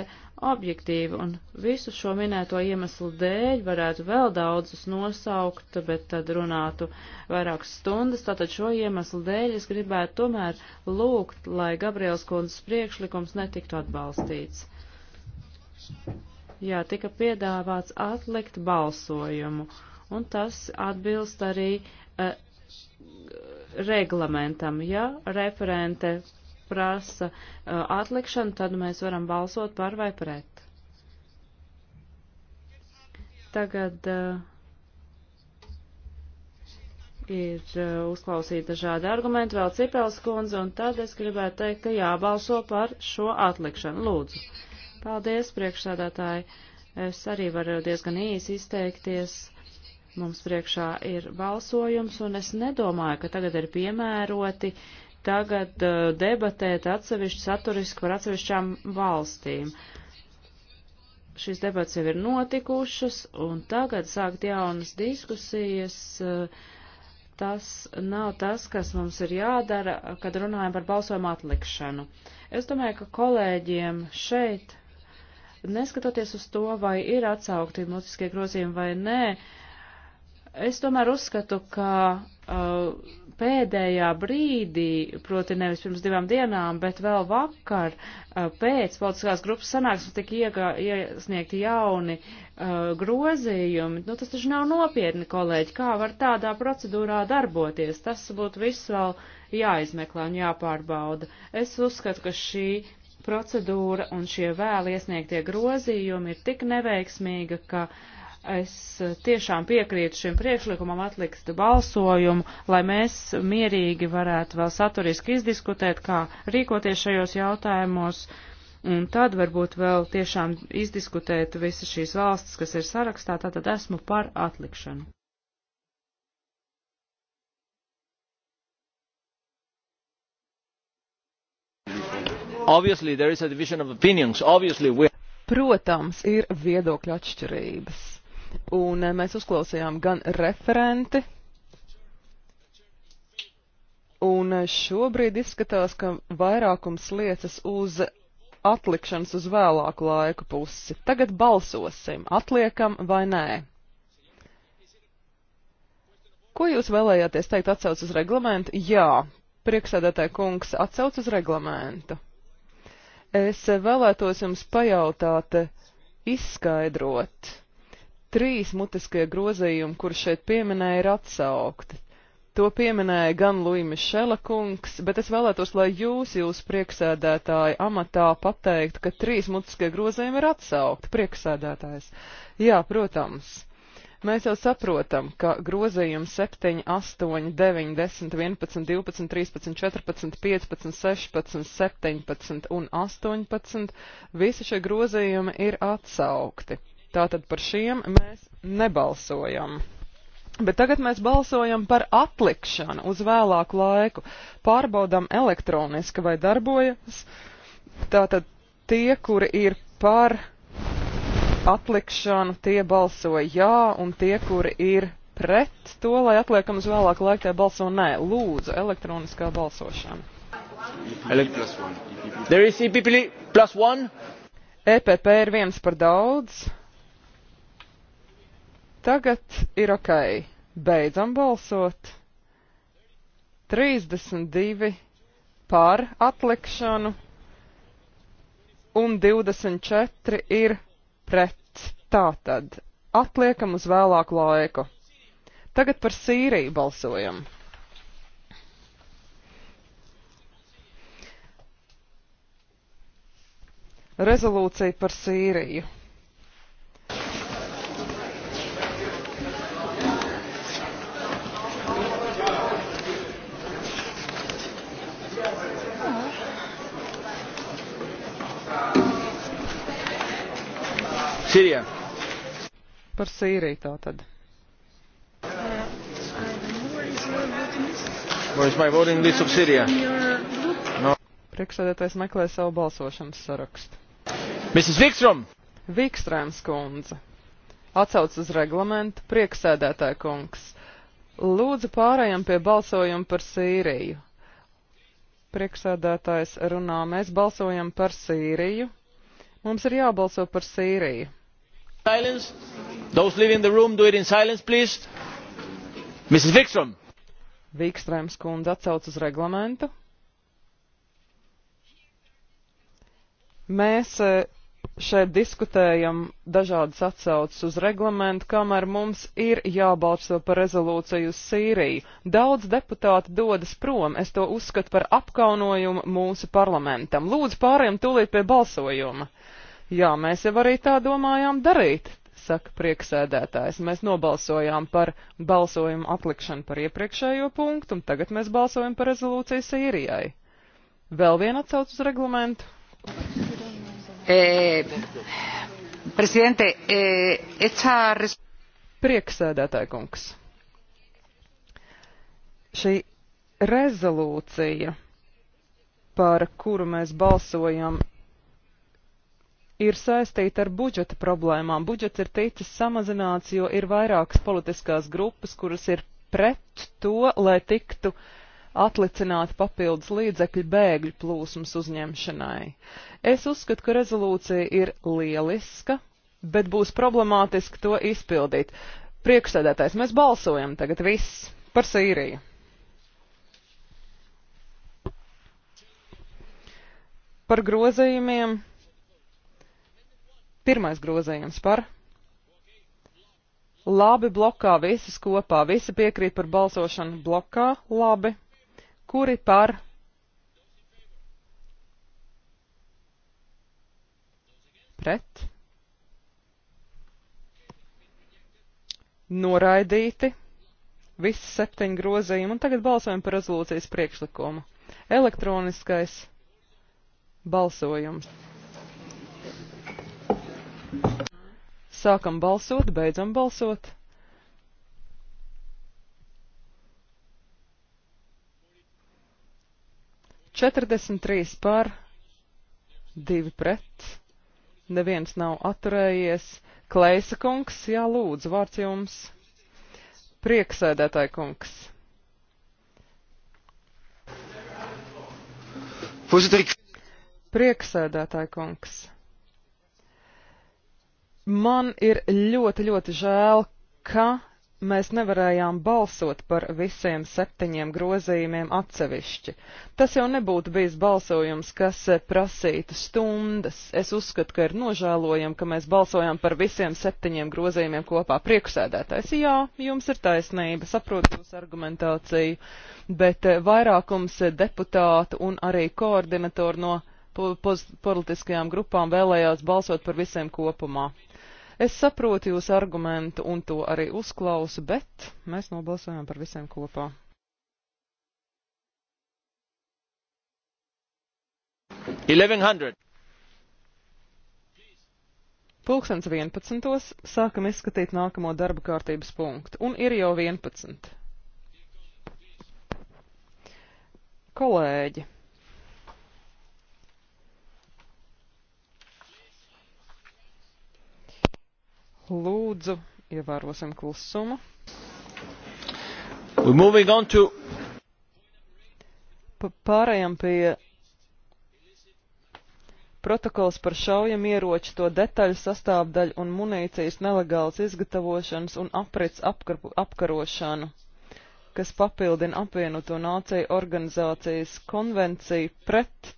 objektīvi, un visu šo minēto iemeslu dēļ varētu vēl daudzus nosaukt, bet tad runātu vairākas stundas, tātad šo iemeslu dēļ es gribētu tomēr lūgt, lai Gabriels kundzes priekšlikums netiktu atbalstīts. Jā, tika piedāvāts atlikt balsojumu, un tas atbilst arī uh, reglamentam, ja referente prasa uh, atlikšanu, tad mēs varam balsot par vai pret. Tagad uh, ir uh, uzklausīti dažādi argumenti, vēl Cipels kundze, un tad es gribētu teikt, ka jābalso par šo atlikšanu. Lūdzu. Paldies, priekšsādātāji. Es arī varu diezgan īsi izteikties mums priekšā ir balsojums, un es nedomāju, ka tagad ir piemēroti tagad uh, debatēt atsevišķi saturiski par atsevišķām valstīm. Šīs debats jau ir notikušas, un tagad sākt jaunas diskusijas. Uh, tas nav tas, kas mums ir jādara, kad runājam par balsojumu atlikšanu. Es domāju, ka kolēģiem šeit, neskatoties uz to, vai ir atsaukti mutiskie grozījumi vai nē, Es tomēr uzskatu, ka uh, pēdējā brīdī, proti nevis pirms divām dienām, bet vēl vakar uh, pēc politiskās grupas sanāksmes tika iega, iesniegti jauni uh, grozījumi. Nu, tas taču nav nopietni, kolēģi, kā var tādā procedūrā darboties. Tas būtu viss vēl jāizmeklē un jāpārbauda. Es uzskatu, ka šī procedūra un šie vēl iesniegtie grozījumi ir tik neveiksmīga, ka uh, Es eh, tiešām piekrītu šim priekšlikumam atlikt balsojumu, lai mēs mierīgi varētu vēl saturiski izdiskutēt, kā rīkoties šajos jautājumos, un tad varbūt vēl tiešām izdiskutēt visas šīs valstis, kas ir sarakstā, tātad esmu par atlikšanu. Obviously, there is a division of opinions. Obviously, we Protams, ir viedokļu atšķirības. Un eh, mēs uzklausījām gan referenti, un eh, šobrīd izskatās, ka vairākums liecas uz atlikšanas uz vēlāku laiku pusi. Tagad balsosim, atliekam vai nē. Ko jūs vēlējāties teikt atcauc uz reglamentu? Jā, priekšsēdētāja kungs atcauc uz reglamentu. Es vēlētos jums pajautāt, izskaidrot Trīs mutiskie grozījumi, kur šeit pieminēja, ir atsaukti. To pieminēja gan Luīmis Šelakungs, bet es vēlētos, lai jūs, jūs prieksēdētāji amatā pateiktu, ka trīs mutiskie grozījumi ir atsaukti, prieksēdētājs. Jā, protams. Mēs jau saprotam, ka grozījumi 7, 8, 9, 10, 11, 12, 13, 14, 15, 16, 17 un 18, visi šie grozījumi ir atsaukti. Tātad par šiem mēs nebalsojam. Bet tagad mēs balsojam par atlikšanu uz vēlāku laiku. Pārbaudam elektroniski, vai darbojas. Tātad tie, kuri ir par atlikšanu, tie balsoja jā, un tie, kuri ir pret to, lai atliekam uz vēlāku laiku, tie balso nē. Lūdzu, elektroniskā balsošana. Elekt There is EPP plus one. EPP ir viens par daudz. Tagad ir ok. Beidzam balsot. 32 par atlikšanu un 24 ir pret. Tātad atliekam uz vēlāku laiku. Tagad par Sīriju balsojam. Rezolūcija par Sīriju. Sīrijā. Par Sīriju tā tad. No. Priekšsēdētājs meklē savu balsošanas sarakstu. Mrs. Vikstrom! Vikstrēms kundze. Atsauc uz reglamentu, prieksēdētāja kungs. Lūdzu pārējām pie balsojuma par Sīriju. Prieksēdētājs runā, mēs balsojam par Sīriju. Mums ir jābalso par Sīriju silence. Those leaving the room, do it in silence, please. Mrs. Vikstrom. Vikstrēms kundze atcauc uz reglamentu. Mēs e, šeit diskutējam dažādas atsaucas uz reglamentu, kamēr mums ir jābalso par rezolūciju uz Sīriju. Daudz deputāti dodas prom, es to uzskatu par apkaunojumu mūsu parlamentam. Lūdzu pāriem tūlīt pie balsojuma. Uh, Jā, mēs jau arī tā domājām darīt, saka prieksēdētājs. Mēs nobalsojām par balsojumu atlikšanu par iepriekšējo punktu, un tagad mēs balsojam par rezolūciju Sīrijai. Vēl viena atsauc uz reglamentu. E, eh, prezidente, e, eh, esta... Prieksēdētāja kungs. Šī rezolūcija, par kuru mēs balsojam ir saistīta ar budžeta problēmām. Budžets ir ticis samazināts, jo ir vairākas politiskās grupas, kuras ir pret to, lai tiktu atlicināt papildus līdzekļu bēgļu plūsmas uzņemšanai. Es uzskatu, ka rezolūcija ir lieliska, bet būs problemātiski to izpildīt. Priekšsēdētājs, mēs balsojam tagad viss par Sīriju. Par grozījumiem Pirmais grozējums par. Labi blokā visas kopā. Visi piekrīt par balsošanu blokā. Labi. Kuri par? Pret. Noraidīti. Visi septiņi grozījumi. Un tagad balsojam par rezolūcijas priekšlikumu. Elektroniskais balsojums. Sākam balsot, beidzam balsot. Četrdesmit trīs par, divi pret, neviens nav atturējies. Kleisa kungs, jā, lūdzu, vārds jums. Prieksēdētāji kungs. Prieksēdētāji kungs. Man ir ļoti, ļoti žēl, ka mēs nevarējām balsot par visiem septiņiem grozījumiem atsevišķi. Tas jau nebūtu bijis balsojums, kas prasītu stundas. Es uzskatu, ka ir nožēlojami, ka mēs balsojām par visiem septiņiem grozījumiem kopā. Prieksēdētājs, jā, jums ir taisnība, saprotu jūsu argumentāciju, bet vairākums deputātu un arī koordinatoru no politiskajām grupām vēlējās balsot par visiem kopumā. Es saprotu jūsu argumentu un to arī uzklausu, bet mēs nobalsojām par visiem kopā. Pūkstens 11. sākam izskatīt nākamo darba kārtības punktu, un ir jau 11. Kolēģi! Lūdzu, ievērosim klusumu. To... Pārējām pie protokols par šaujamieroču to detaļu sastāvdaļu un munīcijas nelegāls izgatavošanas un aprits apkar apkarošanu, kas papildina apvienoto nāciju organizācijas konvenciju pret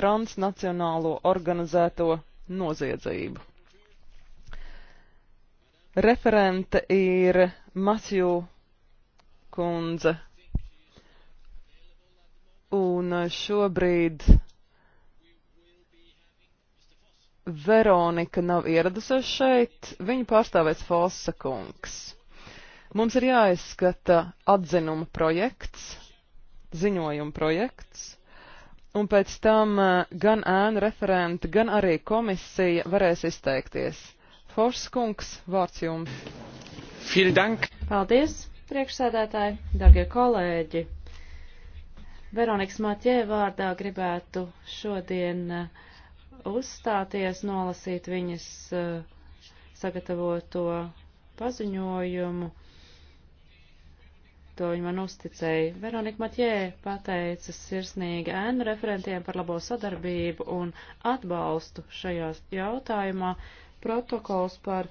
transnacionālo organizēto noziedzību. Referente ir Matju kundze. Un šobrīd Veronika nav ieradusies šeit, viņu pārstāvēs Fosa kungs. Mums ir jāizskata atzinuma projekts, ziņojuma projekts, un pēc tam eh, gan ēnu referenti, gan arī komisija varēs izteikties. Forskungs, vārds jums. Fildank. Paldies, priekšsēdētāji, darbie kolēģi. Veronikas Matjē vārdā gribētu šodien uh, uzstāties, nolasīt viņas uh, sagatavoto paziņojumu. To viņa man uzticēja. Veronika Matjē pateica sirsnīgi ēnu referentiem par labo sadarbību un atbalstu šajā jautājumā, Protokols par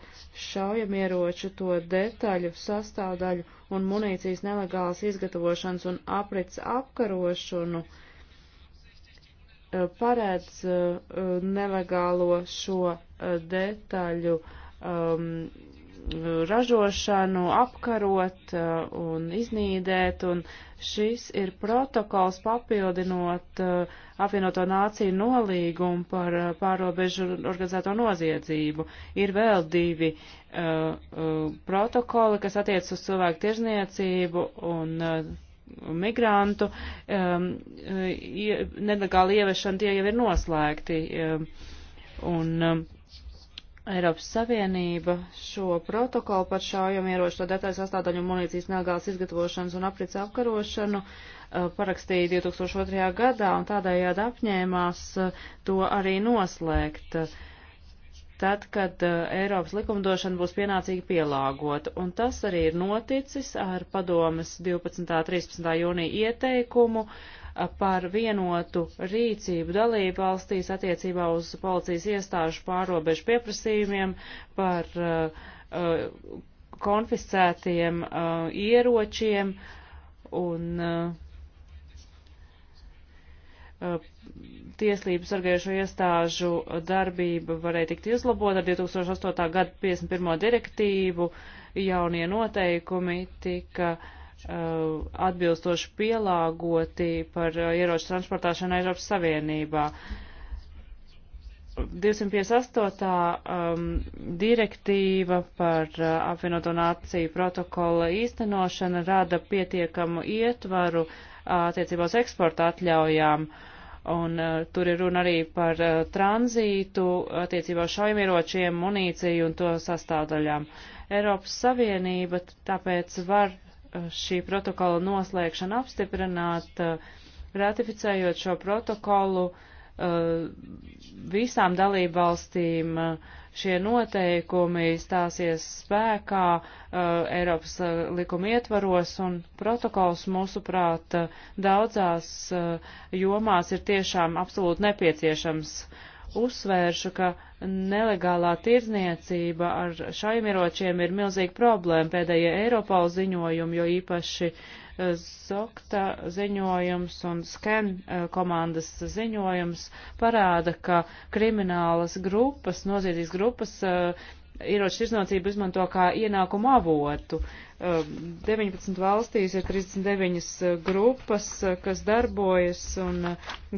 šaujamieroču to detaļu, sastāvdaļu un munīcijas nelegālas izgatavošanas un aprits apkarošanu eh, paredz eh, eh, nelegālo šo detaļu um, ražošanu apkarot uh, un iznīdēt, un šis ir protokols papildinot uh, apvienoto nāciju nolīgumu par uh, pārobežu organizēto noziedzību. Ir vēl divi uh, uh, protokoli, kas attiec uz cilvēku tirzniecību un uh, migrantu um, ie, nelegāli ievešanu, tie jau ir noslēgti. Um, un, um, Eiropas Savienība šo protokolu par šaujamieroču, to detaļu sastāvdaļu un munīcijas nelegālas izgatavošanas un aprits apkarošanu parakstīja 2002. gadā un tādējādi apņēmās to arī noslēgt, tad, kad Eiropas likumdošana būs pienācīgi pielāgota. Un tas arī ir noticis ar padomas 12. 13. jūnija ieteikumu par vienotu rīcību dalību valstīs attiecībā uz policijas iestāžu pārobežu pieprasījumiem, par uh, uh konfiscētiem uh, ieročiem un uh, uh, tieslības sargājušo iestāžu darbība varēja tikt uzlabota ar 2008. gada 51. direktīvu, jaunie noteikumi tika uh, Uh, atbilstoši pielāgoti par uh, ieroču transportēšanu Eiropas Savienībā. 258. Um, direktīva par uh, apvienoto nāciju protokola īstenošana rada pietiekamu ietvaru uh, attiecībā uz eksporta atļaujām. Un uh, tur ir runa arī par uh, tranzītu attiecībā uz šaujamieročiem, munīciju un to sastāvdaļām. Eiropas Savienība tāpēc var Eh, šī protokola noslēgšanu apstiprināt, eh, ratificējot šo protokolu eh, visām dalībvalstīm šie noteikumi stāsies spēkā Eiropas likuma ietvaros un protokols mūsuprāt daudzās jomās ir tiešām absolūti nepieciešams uzsvēršu, ka nelegālā tirzniecība ar šaimieročiem ir milzīga problēma. Pēdējie Eiropā ziņojumi, jo īpaši eh, Zokta ziņojums un Sken eh, komandas ziņojums parāda, ka kriminālas grupas, noziedzīgas grupas, eh, ieroču tirzniecību izmanto kā ienākumu avotu. Uh, 19 ehm, valstīs ir 39 eh, grupas, eh, kas darbojas, un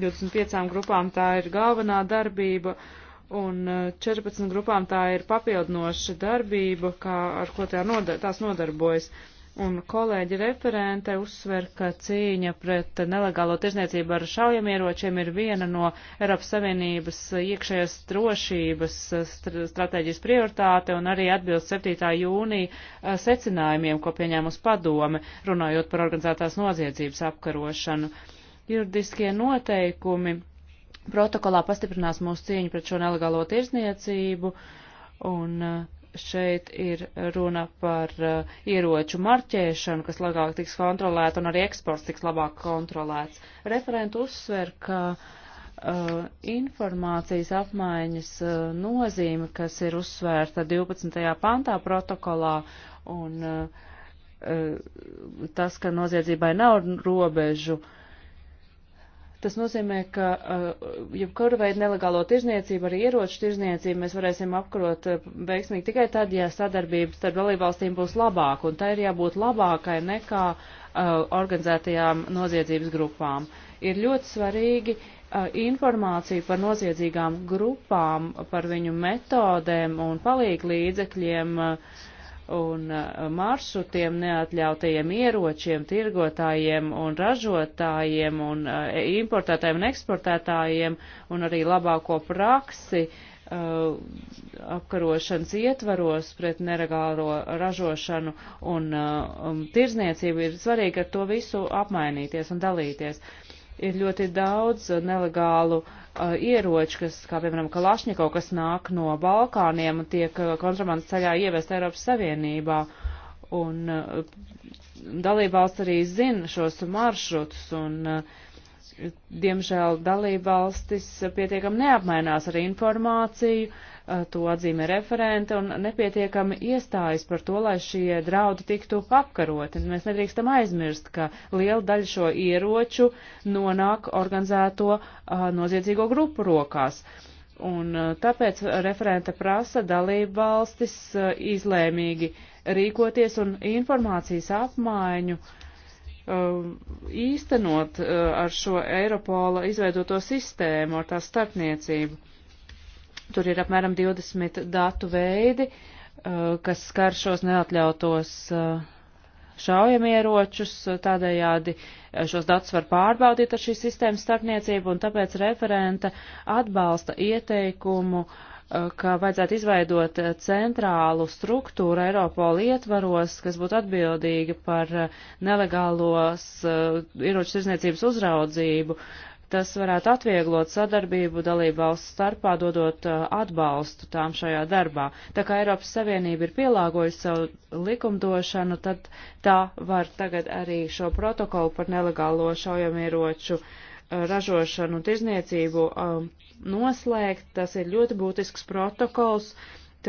25 eh, grupām tā ir galvenā darbība, un 14 grupām tā ir papildinoša darbība, kā, ar ko tā noda, tās nodarbojas. Uh, Un kolēģi referente uzsver, ka cīņa pret nelegālo tirzniecību ar šaujamieročiem ir viena no Eiropas Savienības iekšējās drošības uh, str stratēģijas prioritāte un arī atbilst 7. jūnija uh, secinājumiem, ko pieņēmus padome, runājot par organizētās noziedzības apkarošanu. Juridiskie noteikumi protokolā pastiprinās mūsu cīņu pret šo nelegālo tirzniecību un uh, šeit ir runa par uh, ieroču marķēšanu, kas labāk tiks kontrolēta un arī eksports tiks labāk kontrolēts. Referenti uzsver, ka uh, informācijas apmaiņas uh, nozīme, kas ir uzsvērta 12. pantā protokolā un uh, uh, tas, ka noziedzībai nav robežu, uh, Tas nozīmē, ka uh, jebkura ja veida nelegālo tirzniecību, arī ieroču tirzniecību mēs varēsim apkarot uh, veiksmīgi tikai tad, ja sadarbība starp dalībvalstīm būs labāka, un tā ir jābūt labākai nekā uh, organizētajām noziedzības grupām. Ir ļoti svarīgi uh, informācija par noziedzīgām grupām, par viņu metodēm un palīglīdzekļiem. Uh, un uh, marsu tiem neatļautajiem ieročiem, tirgotājiem un ražotājiem un uh, importētājiem un eksportētājiem un arī labāko praksi uh, apkarošanas ietvaros pret neregālo ražošanu un uh, um, tirzniecību ir svarīgi ar to visu apmainīties un dalīties. Ir ļoti daudz nelegālu uh, Uh, ieroči, kas, kā piemēram, Kalašņiko, kas nāk no Balkāniem, tiek uh, kontrabandas ceļā ievest Eiropas Savienībā. Un uh, dalībvalsts arī zina šos maršrutus, un, diemžēl, dalībvalstis pietiekam neapmainās ar informāciju, uh, Eh, to atzīmē referente, un nepietiekami iestājas par to, lai šie draudi tiktu apkaroti. Mēs nedrīkstam aizmirst, ka liela daļa šo ieroču nonāk organizēto eh, noziedzīgo grupu rokās. Un eh, tāpēc referente prasa dalību valstis izlēmīgi rīkoties un informācijas apmaiņu īstenot ar šo Eiropola izveidoto sistēmu, ar tā starpniecību Tur ir apmēram 20 datu veidi, uh, kas skar šos neatļautos uh, šaujamieročus, uh, tādējādi šos datus var pārbaudīt ar šīs sistēmas starpniecību, un tāpēc referenta atbalsta ieteikumu, ka vajadzētu izveidot centrālu struktūru Eiropola ietvaros, kas būtu atbildīga par nelegālos ieroču tirzniecības uzraudzību, Tas varētu atvieglot sadarbību dalību valsts starpā, dodot uh, atbalstu tām šajā darbā. Tā kā Eiropas Savienība ir pielāgojusi savu likumdošanu, tad tā var tagad arī šo protokolu par nelegālo šaujamieroču uh, ražošanu un tirzniecību um, noslēgt. Tas ir ļoti būtisks protokols.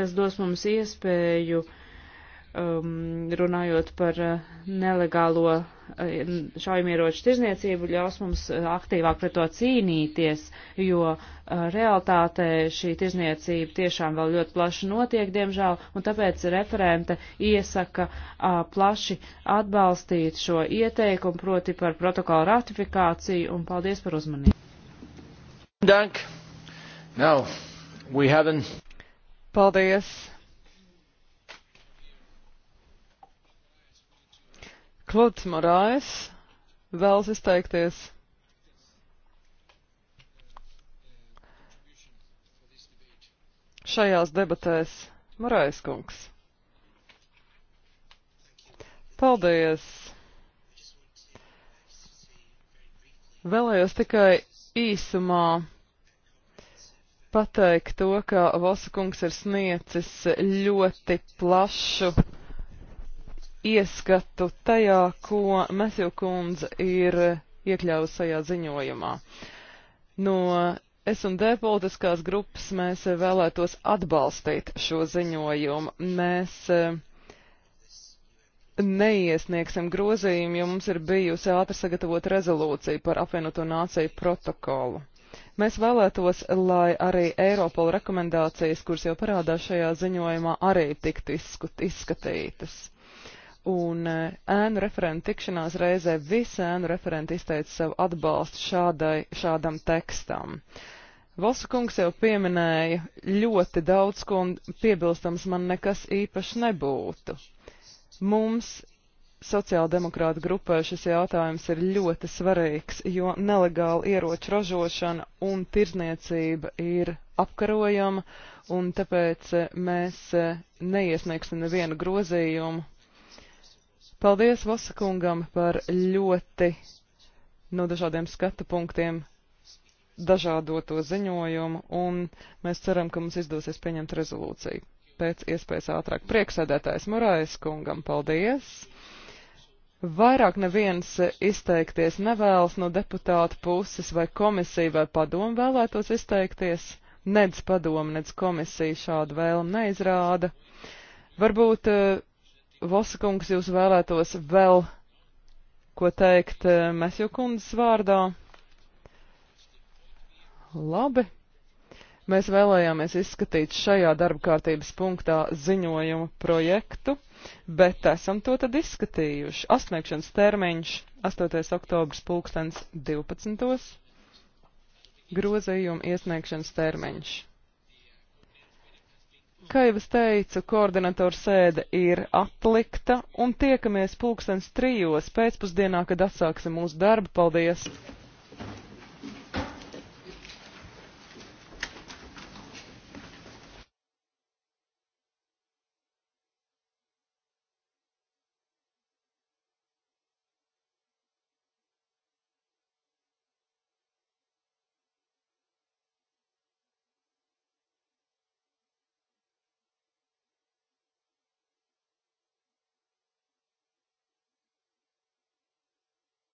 Tas dos mums iespēju uh, um, runājot par uh, nelegālo uh, šaujamieroču tirzniecību, ļaus mums uh, aktīvāk pret to cīnīties, jo uh, realtātē šī tirzniecība tiešām vēl ļoti plaši notiek, diemžēl, un tāpēc referente iesaka uh, plaši atbalstīt šo ieteikumu, proti par protokolu ratifikāciju, un paldies par uzmanību. Dank. Now, we haven't... Paldies. Klods Morais vēlas izteikties. Šajās debatēs Morais kungs. Paldies! Vēlējos tikai īsumā pateikt to, ka Vosakungs ir sniecis ļoti plašu ieskatu tajā, ko Mēsju kundze ir iekļāvusi šajā ziņojumā. No S&D politiskās grupas mēs vēlētos atbalstīt šo ziņojumu. Mēs eh, neiesniegsim grozījumu, jo mums ir bijusi ātri sagatavot rezolūciju par apvienoto nāciju protokolu. Mēs vēlētos, lai arī Eiropola rekomendācijas, kuras jau parādās šajā ziņojumā, arī tiktu izskat, izskatītas un eh, ēnu referentu tikšanās reizē visi ēnu referenti izteica savu atbalstu šādai, šādam tekstam. Valsukungs jau pieminēja ļoti daudz, ko piebilstams man nekas īpaši nebūtu. Mums sociāldemokrāta grupai šis jautājums ir ļoti svarīgs, jo nelegāla ieroču ražošana un tirzniecība ir apkarojama, un tāpēc eh, mēs eh, neiesniegsim nevienu grozījumu Paldies Vosakungam par ļoti no nu, dažādiem skatu punktiem dažādoto ziņojumu, un mēs ceram, ka mums izdosies pieņemt rezolūciju pēc iespējas ātrāk. Prieksēdētājs Morais kungam, paldies! Vairāk neviens izteikties nevēlas no deputāta puses, vai komisija vai padomu vēlētos izteikties. Nedz padomu, nedz komisija šādu vēlmu neizrāda. Varbūt uh, Vosakungs, jūs vēlētos vēl ko teikt eh, Mēsju kundzes vārdā? Labi. Mēs vēlējāmies izskatīt šajā darba kārtības punktā ziņojumu projektu, bet esam to tad izskatījuši. Asniegšanas termiņš 8. oktobrs pulkstens 12. Grozījuma iesniegšanas termiņš Kā jau es teicu, koordinatoru sēde ir atlikta un tiekamies pulkstens trijos pēcpusdienā, kad atsāksim mūsu darbu. Paldies!